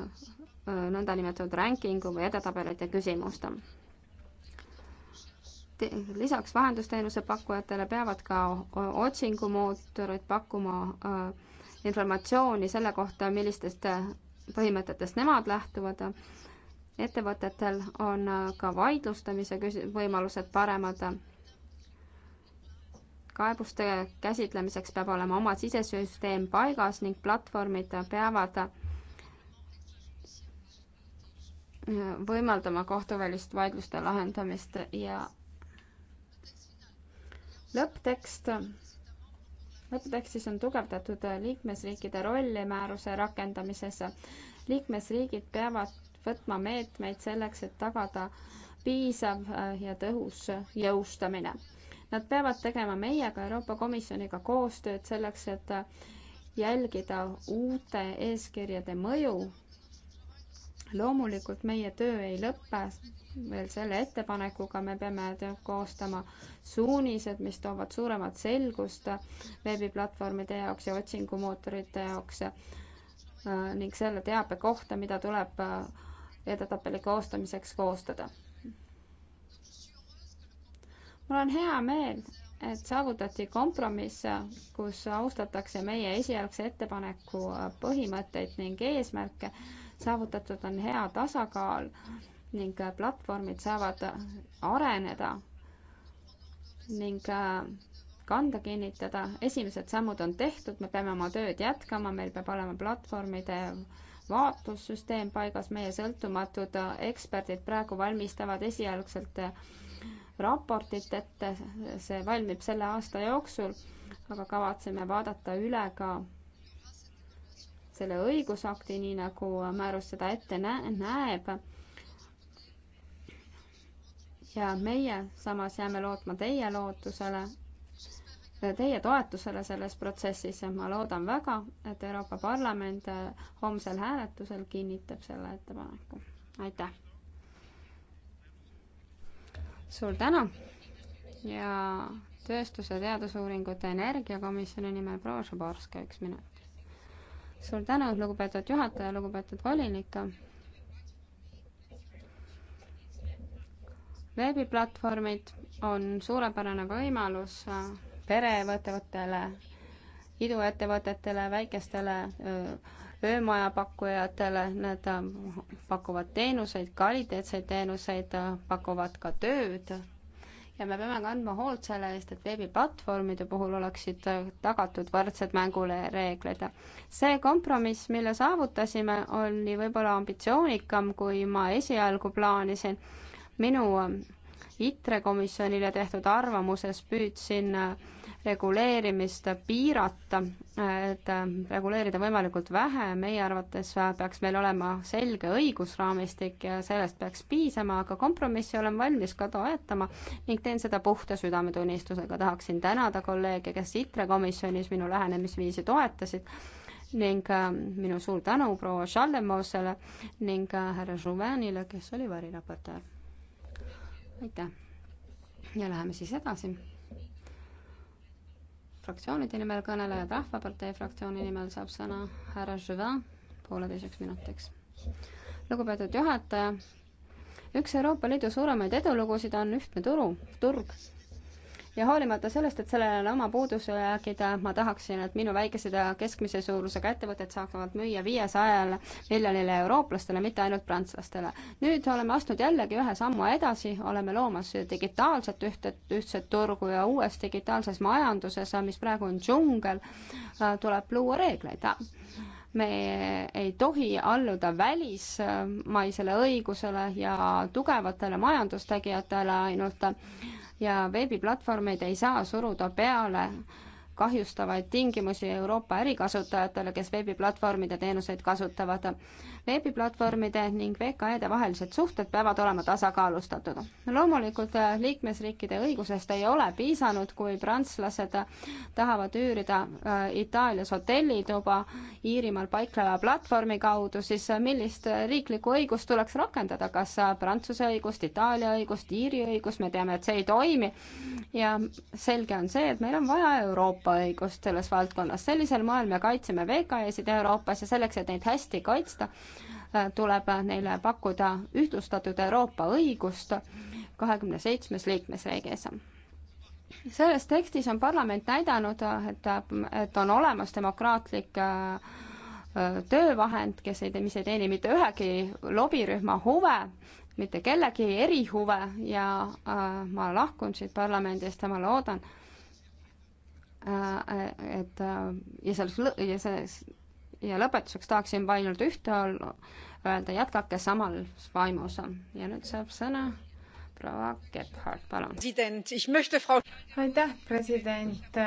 nõndanimetatud rankingu või edetabelite küsimust. lisaks vahendusteenuse pakkujatele peavad ka otsingumootorid pakkuma äh, informatsiooni selle kohta, millistest äh, põhimõtetest nemad lähtuvad. ettevõtetel on ka vaidlustamise võimalused paremad kaebuste käsitlemiseks peab olema oma sisesüsteem paigas ning platvormid peavad äh, võimaldama kohtuvälist vaidluste lahendamist ja lõpptekst, lõpptekstis on tugevdatud liikmesriikide rolli määruse rakendamises. liikmesriigid peavad võtma meetmeid selleks, et tagada piisav äh, ja tõhus jõustamine. Nad peavad tegema meiega, Euroopa Komisjoniga koostööd selleks, et jälgida uute eeskirjade mõju. loomulikult meie töö ei lõpe veel selle ettepanekuga, me peame koostama suunised, mis toovad suuremat selgust veebiplatvormide jaoks ja otsingumootorite jaoks äh, ning selle teabe kohta, mida tuleb äh, edetabeli koostamiseks koostada mul on hea meel, et saavutati kompromiss, kus austatakse meie esialgse ettepaneku põhimõtteid ning eesmärke, saavutatud on hea tasakaal ning platvormid saavad areneda ning kanda kinnitada, esimesed sammud on tehtud, me peame oma tööd jätkama, meil peab olema platvormide vaatlussüsteem paigas, meie sõltumatud eksperdid praegu valmistavad esialgselt äh, raportit ette, see valmib selle aasta jooksul, aga kavatseme vaadata üle ka selle õigusakti, nii nagu määrus seda ette nä-, näeb. ja meie samas jääme lootma teie lootusele, teie toetusele selles protsessis ja ma loodan väga, et Euroopa Parlament homsel hääletusel kinnitab selle ettepaneku. aitäh! suur tänu ja tööstus- ja teadusuuringute energiakomisjoni nimel proua Šaborska, üks minut. suur tänu, lugupeetud juhataja, lugupeetud volinik. veebiplatvormid on suurepärane võimalus pereettevõtetele, iduettevõtetele, väikestele öö, öömajapakkujatele, nad äh, pakuvad teenuseid, kvaliteetseid teenuseid, äh, pakuvad ka tööd ja me peame kandma hoolt selle eest, et veebiplatvormide puhul oleksid äh, tagatud võrdsed mängureeglid. see kompromiss, mille saavutasime, oli võib-olla ambitsioonikam, kui ma esialgu plaanisin. minu ITRE komisjonile tehtud arvamuses püüdsin äh, reguleerimist piirata, et reguleerida võimalikult vähe, meie arvates peaks meil olema selge õigusraamistik ja sellest peaks piisama, aga kompromissi olen valmis ka toetama ning teen seda puhta südametunnistusega. tahaksin tänada kolleege, kes ITRE komisjonis minu lähenemisviisi toetasid ning äh, minu suur tänu proua Schallemusele ning äh, härra Žuvenile, kes oli variraportöör. aitäh! ja läheme siis edasi fraktsioonide nimel kõnelejad, Rahvapartei fraktsiooni nimel saab sõna härra Juvin pooleteiseks minutiks. lugupeetud juhataja, üks Euroopa Liidu suuremaid edulugusid on ühtne turu, turg ja hoolimata sellest, et sellel on oma puudusjäägid, ma tahaksin, et minu väikesed ja keskmise suurusega ettevõtted saaksid müüa viiesajale miljonile eurooplastele, mitte ainult prantslastele. nüüd oleme astunud jällegi ühe sammu edasi, oleme loomas digitaalset ühte, ühtset turgu ja uues digitaalses majanduses, mis praegu on džungel, tuleb luua reegleid me ei tohi alluda välismaisele õigusele ja tugevatele majandustegijatele ainult äh, ja veebiplatvormid ei saa suruda peale kahjustavaid tingimusi Euroopa ärikasutajatele, kes veebiplatvormide teenuseid kasutavad. veebiplatvormide ning VKE-de vahelised suhted peavad olema tasakaalustatud. loomulikult liikmesriikide õigusest ei ole piisanud, kui prantslased tahavad üürida äh, Itaalias hotellituba Iirimaal paikneva platvormi kaudu, siis millist riiklikku õigust tuleks rakendada, kas Prantsuse õigust, Itaalia õigust, Iiri õigust, me teame, et see ei toimi ja selge on see, et meil on vaja Euroopa Euroopa õigust selles valdkonnas. sellisel moel me kaitseme VKE-sid Euroopas ja selleks, et neid hästi kaitsta, äh, tuleb neile pakkuda ühtlustatud Euroopa õigust kahekümne seitsmes liikmesriigis selles tekstis on parlament näidanud, et, et on olemas demokraatlik äh, töövahend, kes ei, mis ei teeni mitte ühegi lobirühma huve, mitte kellegi erihuve ja äh, ma lahkun siit parlamendist ja ma loodan äh,, Äh, et äh, ja selles, ja selles ja lõpetuseks tahaksin ainult ühte öelda, jätkake samal vaimus. ja nüüd saab sõna proua Gebhardt, palun. aitäh, president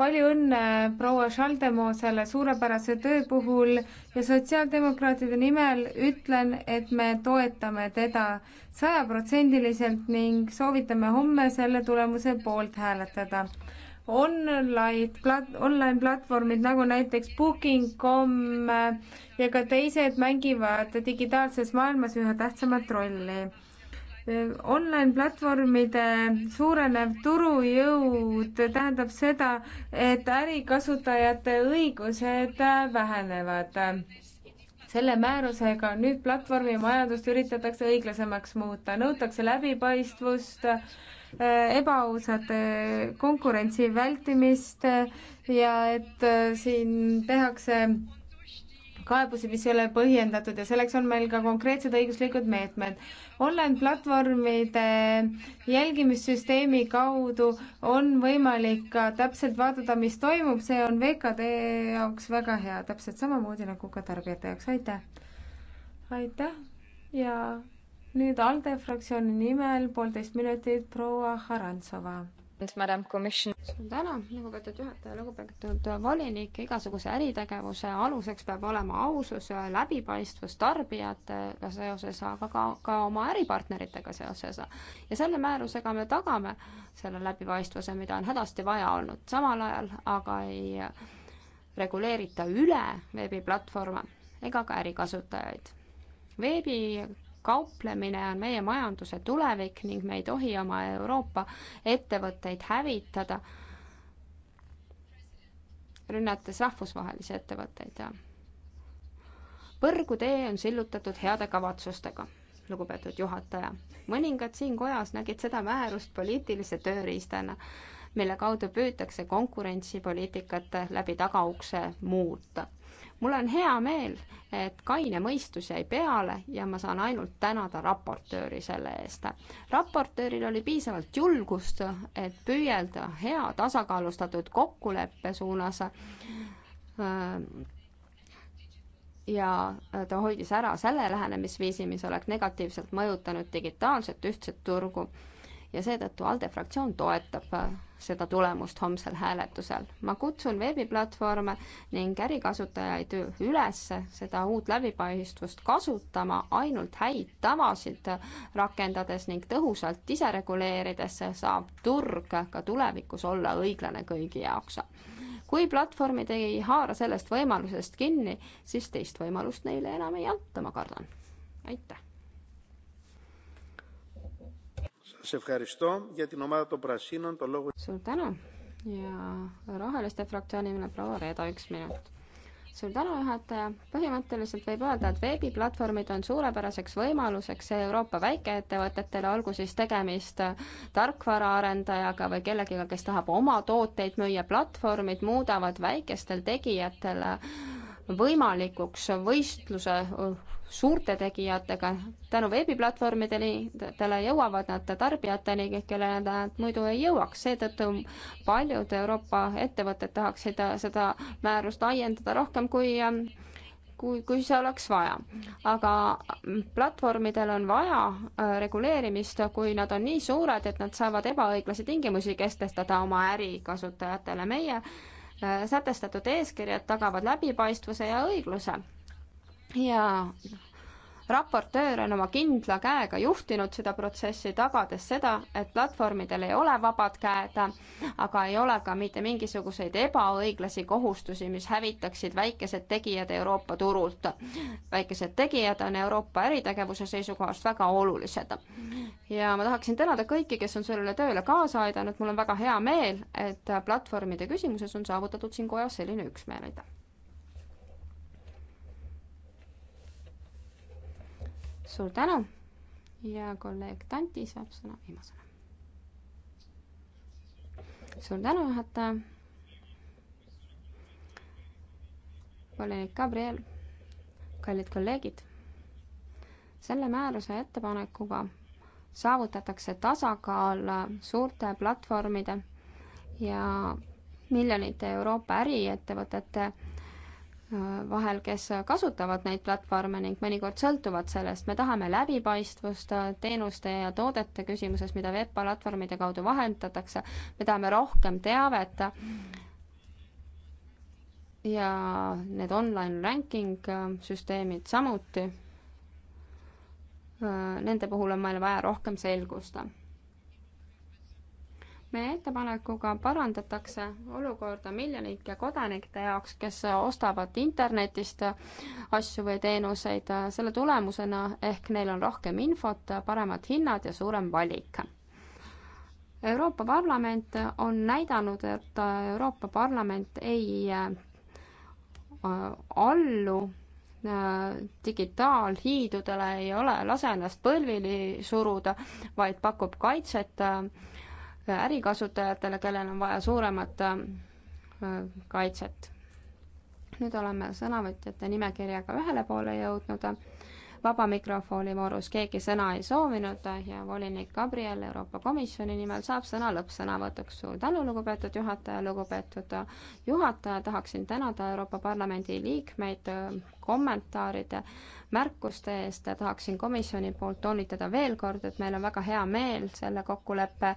palju õnne proua Schaldemosele suurepärase töö puhul ja sotsiaaldemokraatide nimel ütlen, et me toetame teda sajaprotsendiliselt ning soovitame homme selle tulemuse poolt hääletada. Online plat-, online platvormid nagu näiteks Booking.com ja ka teised mängivad digitaalses maailmas üha tähtsamat rolli online-platvormide suurenev turujõud tähendab seda, et ärikasutajate õigused vähenevad selle määrusega nüüd platvormimajandust üritatakse õiglasemaks muuta, nõutakse läbipaistvust, ebaausate konkurentsi vältimist ja et äh, siin tehakse kaebusi, mis ei ole põhjendatud ja selleks on meil ka konkreetsed õiguslikud meetmed. online-platvormide jälgimissüsteemi kaudu on võimalik ka täpselt vaadata, mis toimub, see on VKD jaoks väga hea, täpselt samamoodi nagu ka tarbijate jaoks, aitäh! aitäh ja nüüd ALDE fraktsiooni nimel poolteist minutit proua Harantsova suur tänu, lugupeetud juhataja, lugupeetud volinik, igasuguse äritegevuse aluseks peab olema ausus, läbipaistvus tarbijatega seoses, aga ka, ka oma äripartneritega seoses. ja selle määrusega me tagame selle läbipaistvuse, mida on hädasti vaja olnud, samal ajal aga ei reguleerita üle veebiplatvorme ega ka ärikasutajaid. veebi kauplemine on meie majanduse tulevik ning me ei tohi oma Euroopa ettevõtteid hävitada, rünnates rahvusvahelisi ettevõtteid. põrgutee on sillutatud heade kavatsustega, lugupeetud juhataja. mõningad siin kojas nägid seda määrust poliitilise tööriistana mille kaudu püütakse konkurentsipoliitikat läbi tagaukse muuta mul on hea meel, et kaine mõistus jäi peale ja ma saan ainult tänada raportööri selle eest. raportööril oli piisavalt julgust, et püüelda hea tasakaalustatud kokkuleppe suunas ja ta hoidis ära selle lähenemisviisi, mis oleks negatiivselt mõjutanud digitaalset ühtset turgu ja seetõttu ALDE fraktsioon toetab äh, seda tulemust homsel hääletusel. ma kutsun veebiplatvorme ning ärikasutajaid üles seda uut läbipaistvust kasutama ainult häid tavasid rakendades ning tõhusalt ise reguleerides saab turg ka tulevikus olla õiglane kõigi jaoks. kui platvormid ei haara sellest võimalusest kinni, siis teist võimalust neile enam ei anta, ma kardan. aitäh! suur tänu ja Roheliste fraktsiooni nimel proua Reeda, üks minut suur tänu, juhataja. põhimõtteliselt võib öelda, et veebiplatvormid on suurepäraseks võimaluseks Euroopa väikeettevõtetele, olgu siis tegemist tarkvaraarendajaga või kellegiga, kes tahab oma tooteid müüa. platvormid muudavad väikestel tegijatel võimalikuks võistluse suurte tegijatega. tänu veebiplatvormidele jõuavad nad tarbijateni, kellele nad muidu ei jõuaks, seetõttu paljud Euroopa ettevõtted tahaksid seda määrust laiendada rohkem kui kui, kui see oleks vaja. aga platvormidel on vaja äh, reguleerimist, kui nad on nii suured, et nad saavad ebaõiglasi tingimusi kestestada oma ärikasutajatele. meie äh, sätestatud eeskirjad tagavad läbipaistvuse ja õigluse ja raportöör on oma kindla käega juhtinud seda protsessi, tagades seda, et platvormidel ei ole vabad käed, aga ei ole ka mitte mingisuguseid ebaõiglasi kohustusi, mis hävitaksid väikesed tegijad Euroopa turult. väikesed tegijad on Euroopa äritegevuse seisukohast väga olulised. ja ma tahaksin tänada kõiki, kes on sellele tööle kaasa aidanud, mul on väga hea meel, et platvormide küsimuses on saavutatud siin kojas selline üksmeel, aitäh! suur tänu ja kolleeg Tanti saab sõna viimasena. suur tänu, juhataja. kolleeg Gabriel, kallid kolleegid. selle määruse ettepanekuga saavutatakse tasakaal suurte platvormide ja miljonite Euroopa äriettevõtete vahel, kes kasutavad neid platvorme ning mõnikord sõltuvad sellest. me tahame läbipaistvust äh, teenuste ja toodete küsimuses, mida veebplatvormide kaudu vahendatakse. me tahame rohkem teavet. ja need online ranking äh, süsteemid samuti. Äh, nende puhul on meil vaja rohkem selgust meie ettepanekuga parandatakse olukorda miljonite kodanike jaoks, kes ostavad internetist asju või teenuseid selle tulemusena, ehk neil on rohkem infot, paremad hinnad ja suurem valik. Euroopa Parlament on näidanud, et Euroopa Parlament ei äh, allu äh, digitaalhiidudele, ei ole, lase ennast põlvili suruda, vaid pakub kaitset äh, ärikasutajatele, kellel on vaja suuremat äh, kaitset. nüüd oleme sõnavõtjate nimekirjaga ühele poole jõudnud. vaba mikrofoni voorus keegi sõna ei soovinud ja volinik Gabriel Euroopa Komisjoni nimel saab sõna lõppsõnavõtuks. suur tänu, lugupeetud juhataja, lugupeetud juhataja, tahaksin tänada Euroopa Parlamendi liikmeid äh, kommentaaride, märkuste eest ja tahaksin komisjoni poolt toonitada veel kord, et meil on väga hea meel selle kokkuleppe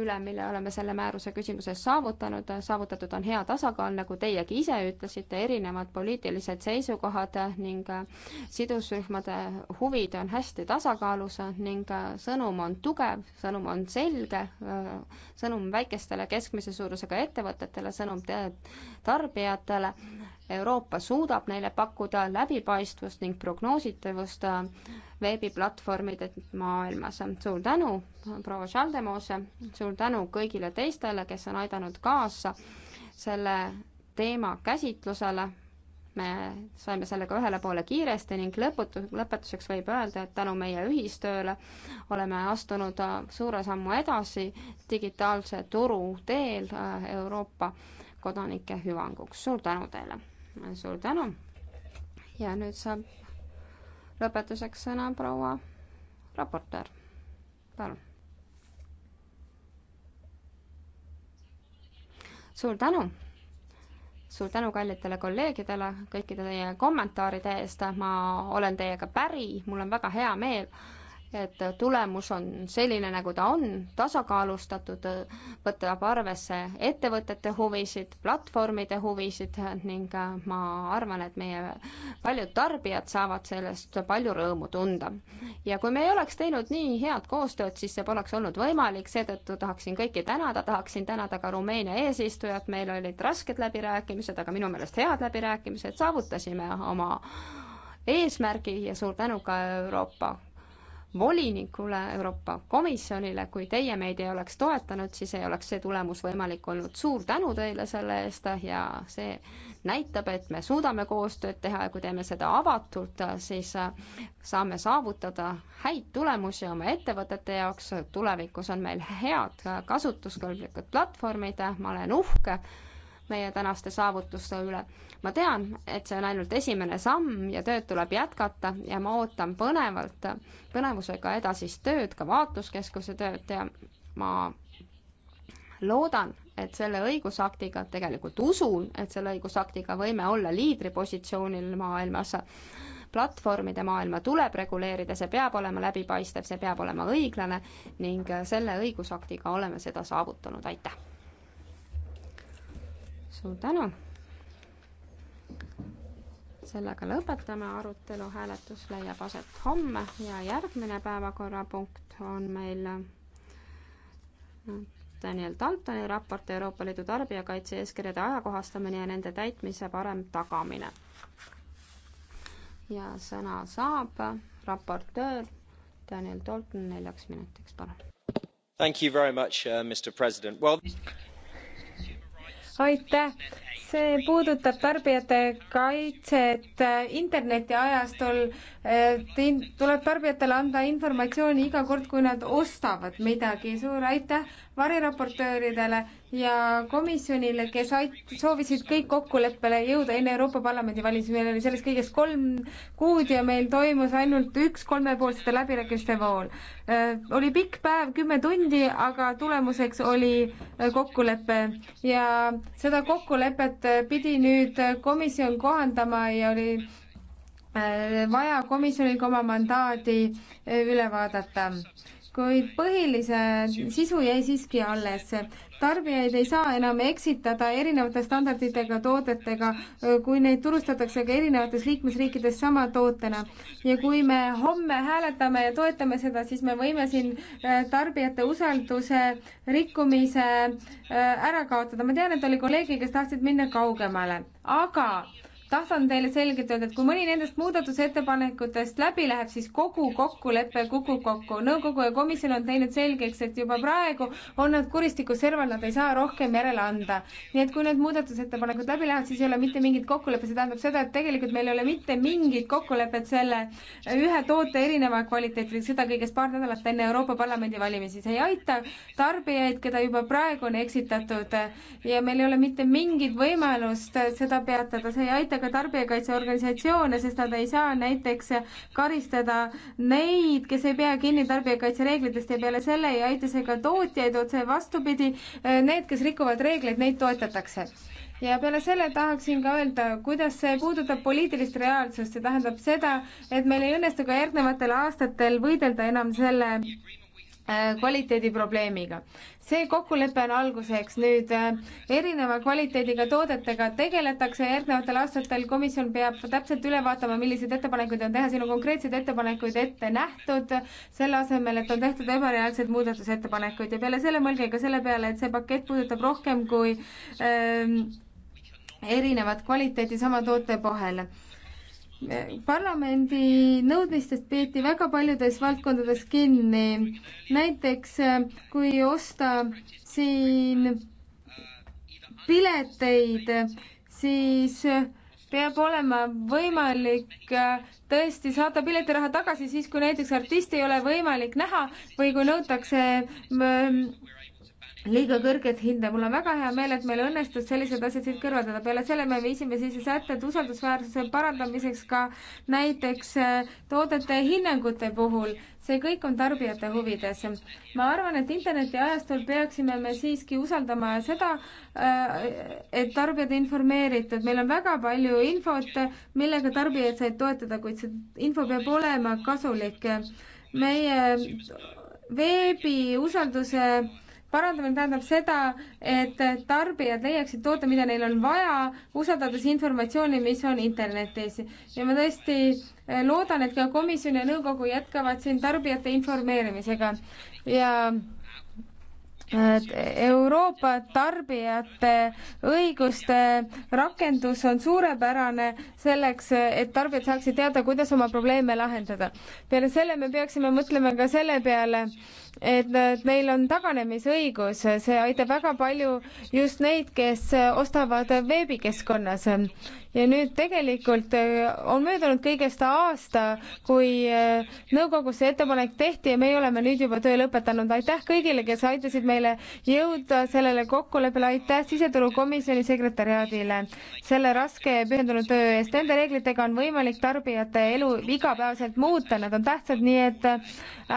üle, mille oleme selle määruse küsimuses saavutanud. saavutatud on hea tasakaal, nagu teiegi ise ütlesite, erinevad poliitilised seisukohad ning sidusrühmade huvid on hästi tasakaalus ning sõnum on tugev, sõnum on selge, sõnum väikestele keskmise suurusega ettevõtetele, sõnum tarbijatele. Euroopa suudab neile pakkuda läbipaistvust ning prognoositavust veebiplatvormide maailmas. suur tänu, proua Schaldemose, suur tänu kõigile teistele, kes on aidanud kaasa selle teema käsitlusele. me saime sellega ühele poole kiiresti ning lõputu, lõpetuseks võib öelda, et tänu meie ühistööle oleme astunud suure sammu edasi digitaalse turu teel äh, Euroopa kodanike hüvanguks. suur tänu teile! suur tänu! ja nüüd saab lõpetuseks sõna proua raportöör, palun. suur tänu, suur tänu kallitele kolleegidele kõikide teie kommentaaride eest, ma olen teiega päri, mul on väga hea meel et tulemus on selline, nagu ta on, tasakaalustatud, võtab arvesse ettevõtete huvisid, platvormide huvisid ning äh, ma arvan, et meie paljud tarbijad saavad sellest palju rõõmu tunda. ja kui me ei oleks teinud nii head koostööd, siis see poleks olnud võimalik, seetõttu tahaksin kõiki tänada, tahaksin tänada ka Rumeenia eesistujat, meil olid rasked läbirääkimised, aga minu meelest head läbirääkimised, saavutasime oma eesmärgi ja suur tänu ka Euroopa volinikule, Euroopa Komisjonile, kui teie meid ei oleks toetanud, siis ei oleks see tulemus võimalik olnud. suur tänu teile selle eest ja see näitab, et me suudame koostööd teha ja kui teeme seda avatult, siis saame saavutada häid tulemusi oma ettevõtete jaoks, tulevikus on meil head kasutuskõlblikud platvormid, ma olen uhke meie tänaste saavutuste üle. ma tean, et see on ainult esimene samm ja tööd tuleb jätkata ja ma ootan põnevalt, põnevusega edasist tööd, ka vaatluskeskuse tööd ja ma loodan, et selle õigusaktiga, tegelikult usun, et selle õigusaktiga võime olla liidripositsioonil maailmas platvormide maailma tuleb reguleerida, see peab olema läbipaistev, see peab olema õiglane ning selle õigusaktiga oleme seda saavutanud, aitäh! suur tänu. sellega lõpetame arutelu, hääletus leiab aset homme ja järgmine päevakorrapunkt on meil Daniel Daltoni raport Euroopa Liidu tarbijakaitse eeskirjade ajakohastamine ja nende täitmise parem tagamine. ja sõna saab raportöör Daniel Dalton neljaks minutiks, palun. Thank you very much uh,, Mr President well aitäh see puudutab tarbijate kaitset internetiajastul. tuleb tarbijatele anda informatsiooni iga kord, kui nad ostavad midagi. suur aitäh variraportööridele ja komisjonile, kes soovisid kõik kokkuleppele jõuda enne Euroopa Parlamendi valimisi. meil oli sellest kõigest kolm kuud ja meil toimus ainult üks kolmepoolsete läbirääkimiste vool. Äh, oli pikk päev, kümme tundi, aga tulemuseks oli äh, kokkulepe ja seda kokkulepet kokkulepet pidi nüüd komisjon kohandama ja oli äh, vaja komisjonil ka oma mandaadi äh, üle vaadata kuid põhilise sisu jäi siiski alles. tarbijaid ei saa enam eksitada erinevate standarditega toodetega, kui neid turustatakse ka erinevates liikmesriikides sama tootena. ja kui me homme hääletame ja toetame seda, siis me võime siin äh, tarbijate usalduse rikkumise äh, ära kaotada. ma tean, et oli kolleege, kes tahtsid minna kaugemale, aga tahan teile selgelt öelda, et kui mõni nendest muudatusettepanekutest läbi läheb, siis kogu kokkulepe kukub kokku. nõukogu ja komisjon on teinud selgeks, et juba praegu on nad kuristikus serval, nad ei saa rohkem järele anda. nii et kui need muudatusettepanekud läbi lähevad, siis ei ole mitte mingit kokkulepet, see tähendab seda, et tegelikult meil ei ole mitte mingit kokkulepet selle ühe toote erineva kvaliteediga, seda kõigest paar nädalat enne Euroopa Parlamendi valimisi. see ei aita tarbijaid, keda juba praegu on eksitatud ja meil ei ole mitte mingit võimalust seda peatada, see ei aita ka tarbijakaitseorganisatsioone, sest nad ei saa näiteks karistada neid, kes ei pea kinni tarbijakaitsereeglitest ja peale selle ei aita see ka tootjaid, otse vastupidi, need, kes rikuvad reegleid, neid toetatakse ja peale selle tahaksin ka öelda, kuidas see puudutab poliitilist reaalsust, see tähendab seda, et meil ei õnnestu ka järgnevatel aastatel võidelda enam selle Äh, kvaliteediprobleemiga. see kokkulepe on alguseks, nüüd äh, erineva kvaliteediga toodetega tegeletakse järgnevatel aastatel, komisjon peab täpselt üle vaatama, milliseid ettepanekuid on teha, siin on konkreetseid ettepanekuid ette nähtud, selle asemel, et on tehtud ebareaalseid muudatusettepanekuid ja peale selle mõelge ka selle peale, et see pakett puudutab rohkem kui ähm, erinevat kvaliteeti sama toote vahel Eh, parlamendi nõudmistest peeti väga paljudes valdkondades kinni. näiteks eh, kui osta siin pileteid, siis eh, peab olema võimalik tõesti saada piletiraha tagasi siis, kui näiteks artisti ei ole võimalik näha või kui nõutakse liiga kõrget hinda. mul on väga hea meel, et meil õnnestus sellised asjad siit kõrvaldada. peale selle me viisime siis sätted usaldusväärsuse parandamiseks ka näiteks äh, toodete hinnangute puhul. see kõik on tarbijate huvides. ma arvan, et internetiajastul peaksime me siiski usaldama seda, äh, et tarbijad informeeritud. meil on väga palju infot, millega tarbijaid said toetada, kuid see info peab olema kasulik. meie veebi usalduse parandamine tähendab seda, et tarbijad leiaksid toote, mida neil on vaja, usaldades informatsiooni, mis on internetis. ja ma tõesti eh, loodan, et ka komisjon ja nõukogu jätkavad siin tarbijate informeerimisega ja Euroopa tarbijate õiguste rakendus on suurepärane selleks, et tarbijad saaksid teada, kuidas oma probleeme lahendada. peale selle me peaksime mõtlema ka selle peale, et, et neil on taganemisõigus, see aitab väga palju just neid, kes ostavad veebikeskkonnas. ja nüüd tegelikult äh, on möödunud kõigest aasta, kui äh, nõukogus see ettepanek tehti ja meie oleme nüüd juba töö lõpetanud. aitäh kõigile, kes aitasid meile jõuda sellele kokkuleppele, aitäh siseturukomisjoni sekretäriaadile selle raske ja pühendunud töö eest. Nende reeglitega on võimalik tarbijate elu igapäevaselt muuta, nad on tähtsad, nii et äh,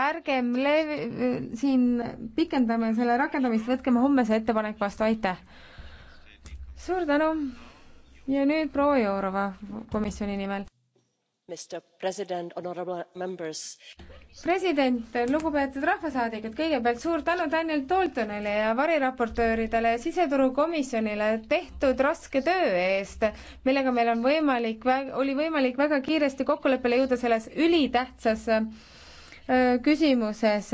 ärgem levi-, siin pikendame selle rakendamist, võtkem homme see ettepanek vastu, aitäh! suur tänu ja nüüd proua Jourova komisjoni nimel. president, lugupeetud rahvasaadikud, kõigepealt suur tänu Daniel Daltonile ja variraportööridele ja siseturukomisjonile tehtud raske töö eest, millega meil on võimalik, oli võimalik väga kiiresti kokkuleppele jõuda selles ülitähtsas küsimuses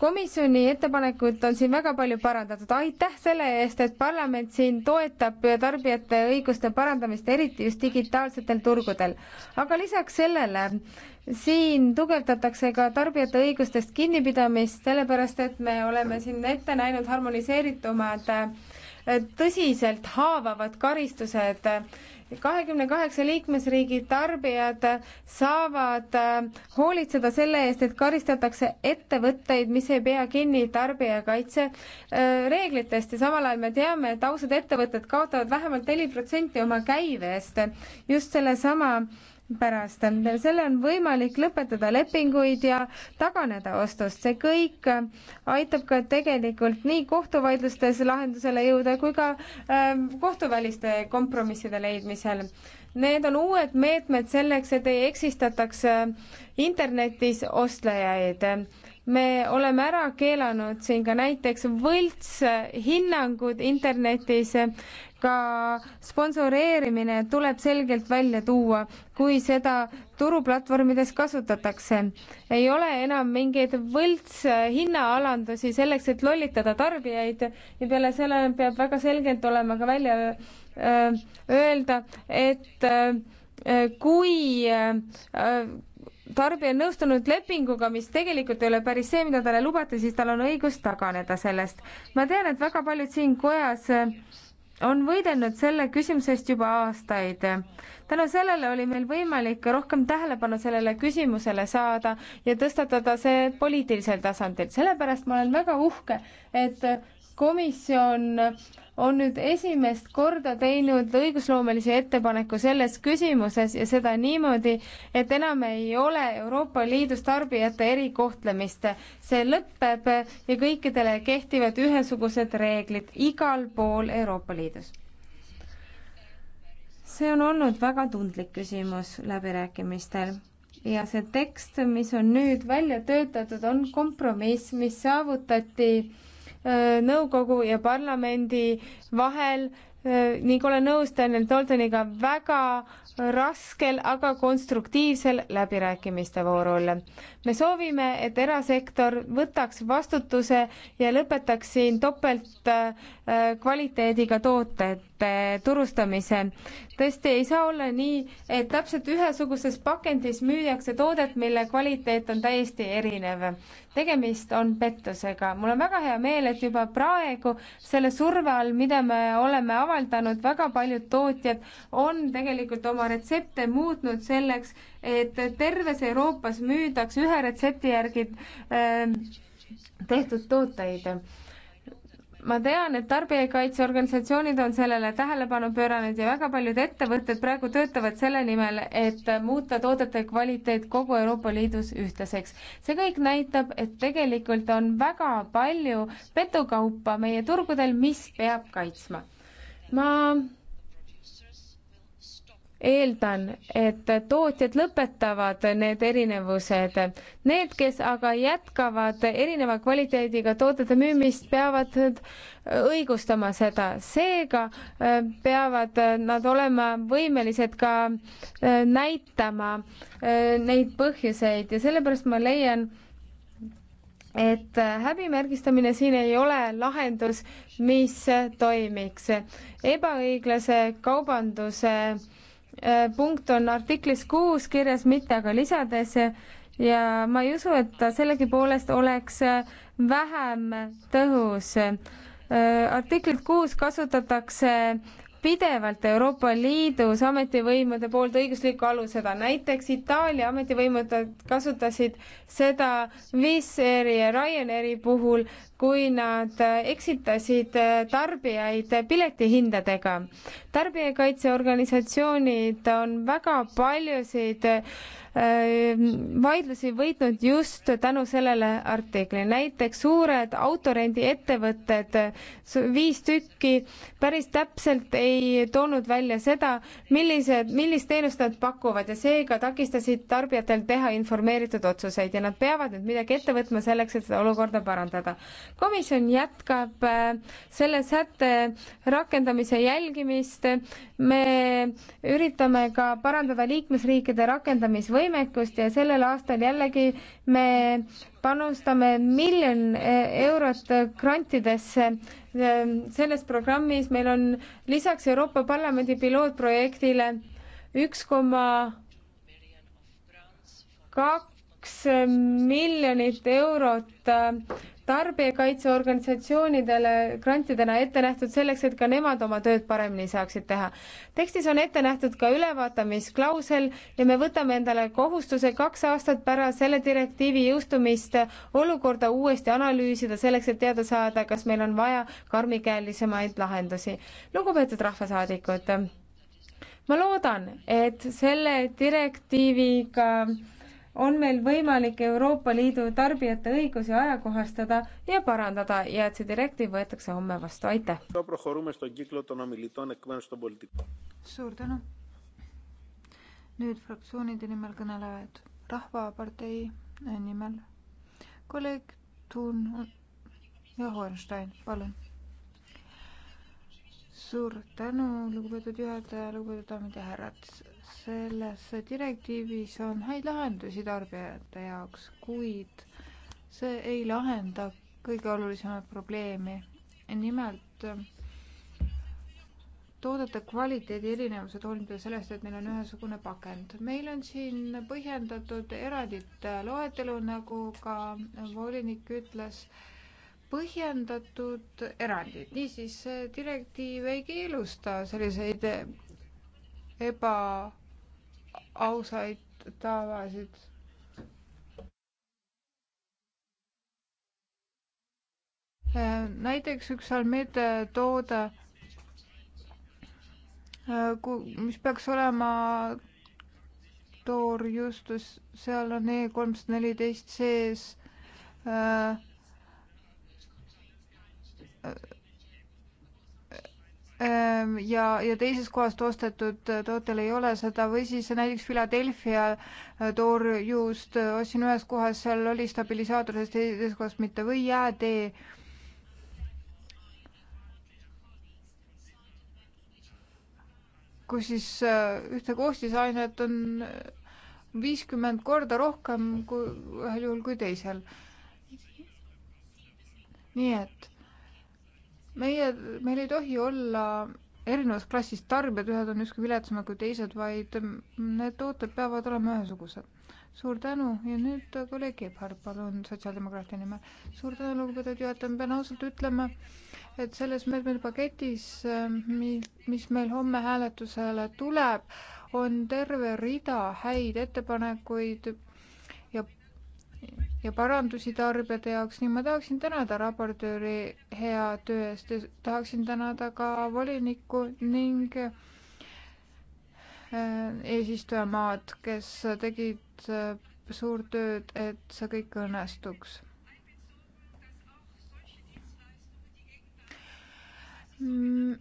komisjoni ettepanekut on siin väga palju parandatud. aitäh selle eest, et parlament siin toetab tarbijate õiguste parandamist, eriti just digitaalsetel turgudel. aga lisaks sellele siin tugevdatakse ka tarbijate õigustest kinnipidamist, sellepärast et me oleme siin ette näinud harmoniseeritumad tõsiselt haavavad karistused kahekümne kaheksa liikmesriigi tarbijad saavad äh, hoolitseda selle eest, et karistatakse ettevõtteid, mis ei pea kinni tarbijakaitse äh, reeglitest ja samal ajal me teame, et ausad ettevõtted kaotavad vähemalt neli protsenti oma käivest just sellesama pärast. selle on võimalik lõpetada lepinguid ja taganeda ostust. see kõik aitab ka tegelikult nii kohtuvaidlustes lahendusele jõuda kui ka ähm, kohtuväliste kompromisside leidmisel. Need on uued meetmed selleks, et ei eksistataks internetis ostlejaid me oleme ära keelanud siin ka näiteks võltshinnangud internetis, ka sponsoreerimine tuleb selgelt välja tuua, kui seda turuplatvormides kasutatakse. ei ole enam mingeid võltshindaalandusi selleks, et lollitada tarbijaid ja peale selle peab väga selgelt olema ka välja öö, äh, öelda, et öö, äh, kui öö, äh, tarbija on nõustunud lepinguga, mis tegelikult ei ole päris see, mida talle lubati, siis tal on õigus taganeda sellest. ma tean, et väga paljud siin kojas eh, on võidelnud selle küsimuse eest juba aastaid. tänu sellele oli meil võimalik rohkem tähelepanu sellele küsimusele saada ja tõstatada see poliitilisel tasandil, sellepärast ma olen väga uhke, et komisjon on nüüd esimest korda teinud õigusloomelise ettepaneku selles küsimuses ja seda niimoodi, et enam ei ole Euroopa Liidus tarbijate erikohtlemist. see lõpeb ja kõikidele kehtivad ühesugused reeglid igal pool Euroopa Liidus. see on olnud väga tundlik küsimus läbirääkimistel ja see tekst, mis on nüüd välja töötatud, on kompromiss, mis saavutati Äh, nõukogu ja parlamendi vahel äh, ning olen nõus Daniel Daltoniga väga raskel, aga konstruktiivsel läbirääkimiste voorul me soovime, et erasektor võtaks vastutuse ja lõpetaks siin topeltkvaliteediga äh, tootete turustamise. tõesti ei saa olla nii, et täpselt ühesuguses pakendis müüakse toodet, mille kvaliteet on täiesti erinev. tegemist on pettusega. mul on väga hea meel, et juba praegu selle surve all, mida me oleme avaldanud, väga paljud tootjad on tegelikult oma retsepte muutnud selleks, et terves Euroopas müüdaks ühe retsepti järgi ähm, tehtud tooteid ma tean, et tarbijakaitseorganisatsioonid on sellele tähelepanu pööranud ja väga paljud ettevõtted praegu töötavad selle nimel, et muuta toodete kvaliteet kogu Euroopa Liidus ühtlaseks. see kõik näitab, et tegelikult on väga palju petukaupa meie turgudel, mis peab kaitsma. ma eeldan, et tootjad lõpetavad need erinevused. Need, kes aga jätkavad erineva kvaliteediga toodete müümist, peavad õigustama seda, seega äh, peavad nad olema võimelised ka äh, näitama äh, neid põhjuseid ja sellepärast ma leian, et häbimärgistamine siin ei ole lahendus, mis toimiks. ebaõiglase kaubanduse äh, Äh, punkt on artiklis kuus kirjas, mitte aga lisades ja ma ei usu, et ta sellegipoolest oleks äh, vähem tõhus. Äh, artiklit kuus kasutatakse pidevalt Euroopa Liidus ametivõimude poolt õigusliku alusega, näiteks Itaalia ametivõimud kasutasid seda Wizz Airi ja Ryanairi puhul kui nad eksitasid tarbijaid piletihindadega. tarbijakaitseorganisatsioonid on väga paljusid ähm, vaidlusi võitnud just tänu sellele artiklile. näiteks suured autorendiettevõtted, viis tükki, päris täpselt ei toonud välja seda, millised, millist teenust nad pakuvad ja seega takistasid tarbijatel teha informeeritud otsuseid ja nad peavad nüüd midagi ette võtma selleks, et seda olukorda parandada komisjon jätkab äh, selle sätte rakendamise jälgimist. me üritame ka parandada liikmesriikide rakendamisvõimekust ja sellel aastal jällegi me panustame miljon äh, eurot grantidesse äh, selles programmis. meil on lisaks Euroopa Parlamendi pilootprojektile üks koma kaks kaks miljonit eurot tarbijakaitseorganisatsioonidele grantidena ette nähtud selleks, et ka nemad oma tööd paremini saaksid teha. tekstis on ette nähtud ka ülevaatamisklausel ja me võtame endale kohustuse kaks aastat pärast selle direktiivi jõustumist olukorda uuesti analüüsida selleks, et teada saada, kas meil on vaja karmikäelisemaid lahendusi. lugupeetud rahvasaadikud, ma loodan, et selle direktiiviga on meil võimalik Euroopa Liidu tarbijate õigusi ajakohastada ja parandada ja et see direktiiv võetakse homme vastu, aitäh! suur tänu! nüüd fraktsioonide nimel kõnelejad, Rahvapartei nimel kolleeg Tuun ja Hohenstein, palun! suur tänu, lugupeetud juhataja, lugupeetud daamid ja härrad! selles direktiivis on häid lahendusi tarbijate jaoks, kuid see ei lahenda kõige olulisemat probleemi. nimelt toodete kvaliteedi erinevused hoolimata sellest, et neil on ühesugune pakend. meil on siin põhjendatud erandite loetelu, nagu ka volinik ütles, põhjendatud erandid. niisiis, see direktiiv ei keelusta selliseid eba ausaid tavasid. näiteks üks Almede toode, mis peaks olema toorjustus, seal on E kolmsada neliteist sees äh, Ähm, ja, ja teisest kohast ostetud tootel ei ole seda või siis näiteks Philadelphia äh, toorjuust äh, ostsin ühes kohas, seal oli stabilisaator, sest teises kohas mitte või jäätee kus siis äh, ühte koostisainet on viiskümmend korda rohkem kui ühel juhul kui teisel. nii et meie, meil ei tohi olla erinevas klassis tarbijad, ühed on justkui viletsamad kui teised, vaid need tooted peavad olema ühesugused. suur tänu ja nüüd äh, kolleeg Gebhard, palun, sotsiaaldemokraatia nimel. suur tänu, lugupeetud juhataja, ma pean ausalt ütlema, et selles meetmete paketis, äh, mis meil homme hääletusele tuleb, on terve rida häid ettepanekuid ja parandusi tarbijate jaoks, nii ma tahaksin tänada raportööri hea töö eest ja tahaksin tänada ka volinikku ning äh, eesistujamaad, kes tegid äh, suurt tööd, et see kõik õnnestuks. Mm,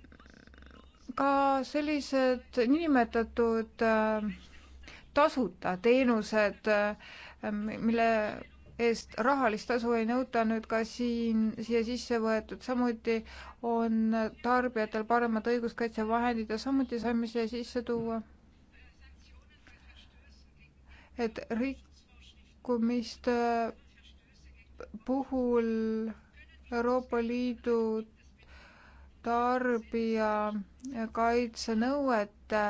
ka sellised niinimetatud äh, tasuta teenused äh, Ähm, mille eest rahalist tasu ei nõuta nüüd ka siin, siia sisse võetud. samuti on tarbijatel paremad õiguskaitsevahendid ja samuti saime siia sisse tuua, et rikkumiste puhul Euroopa Liidu tarbijakaitsenõuete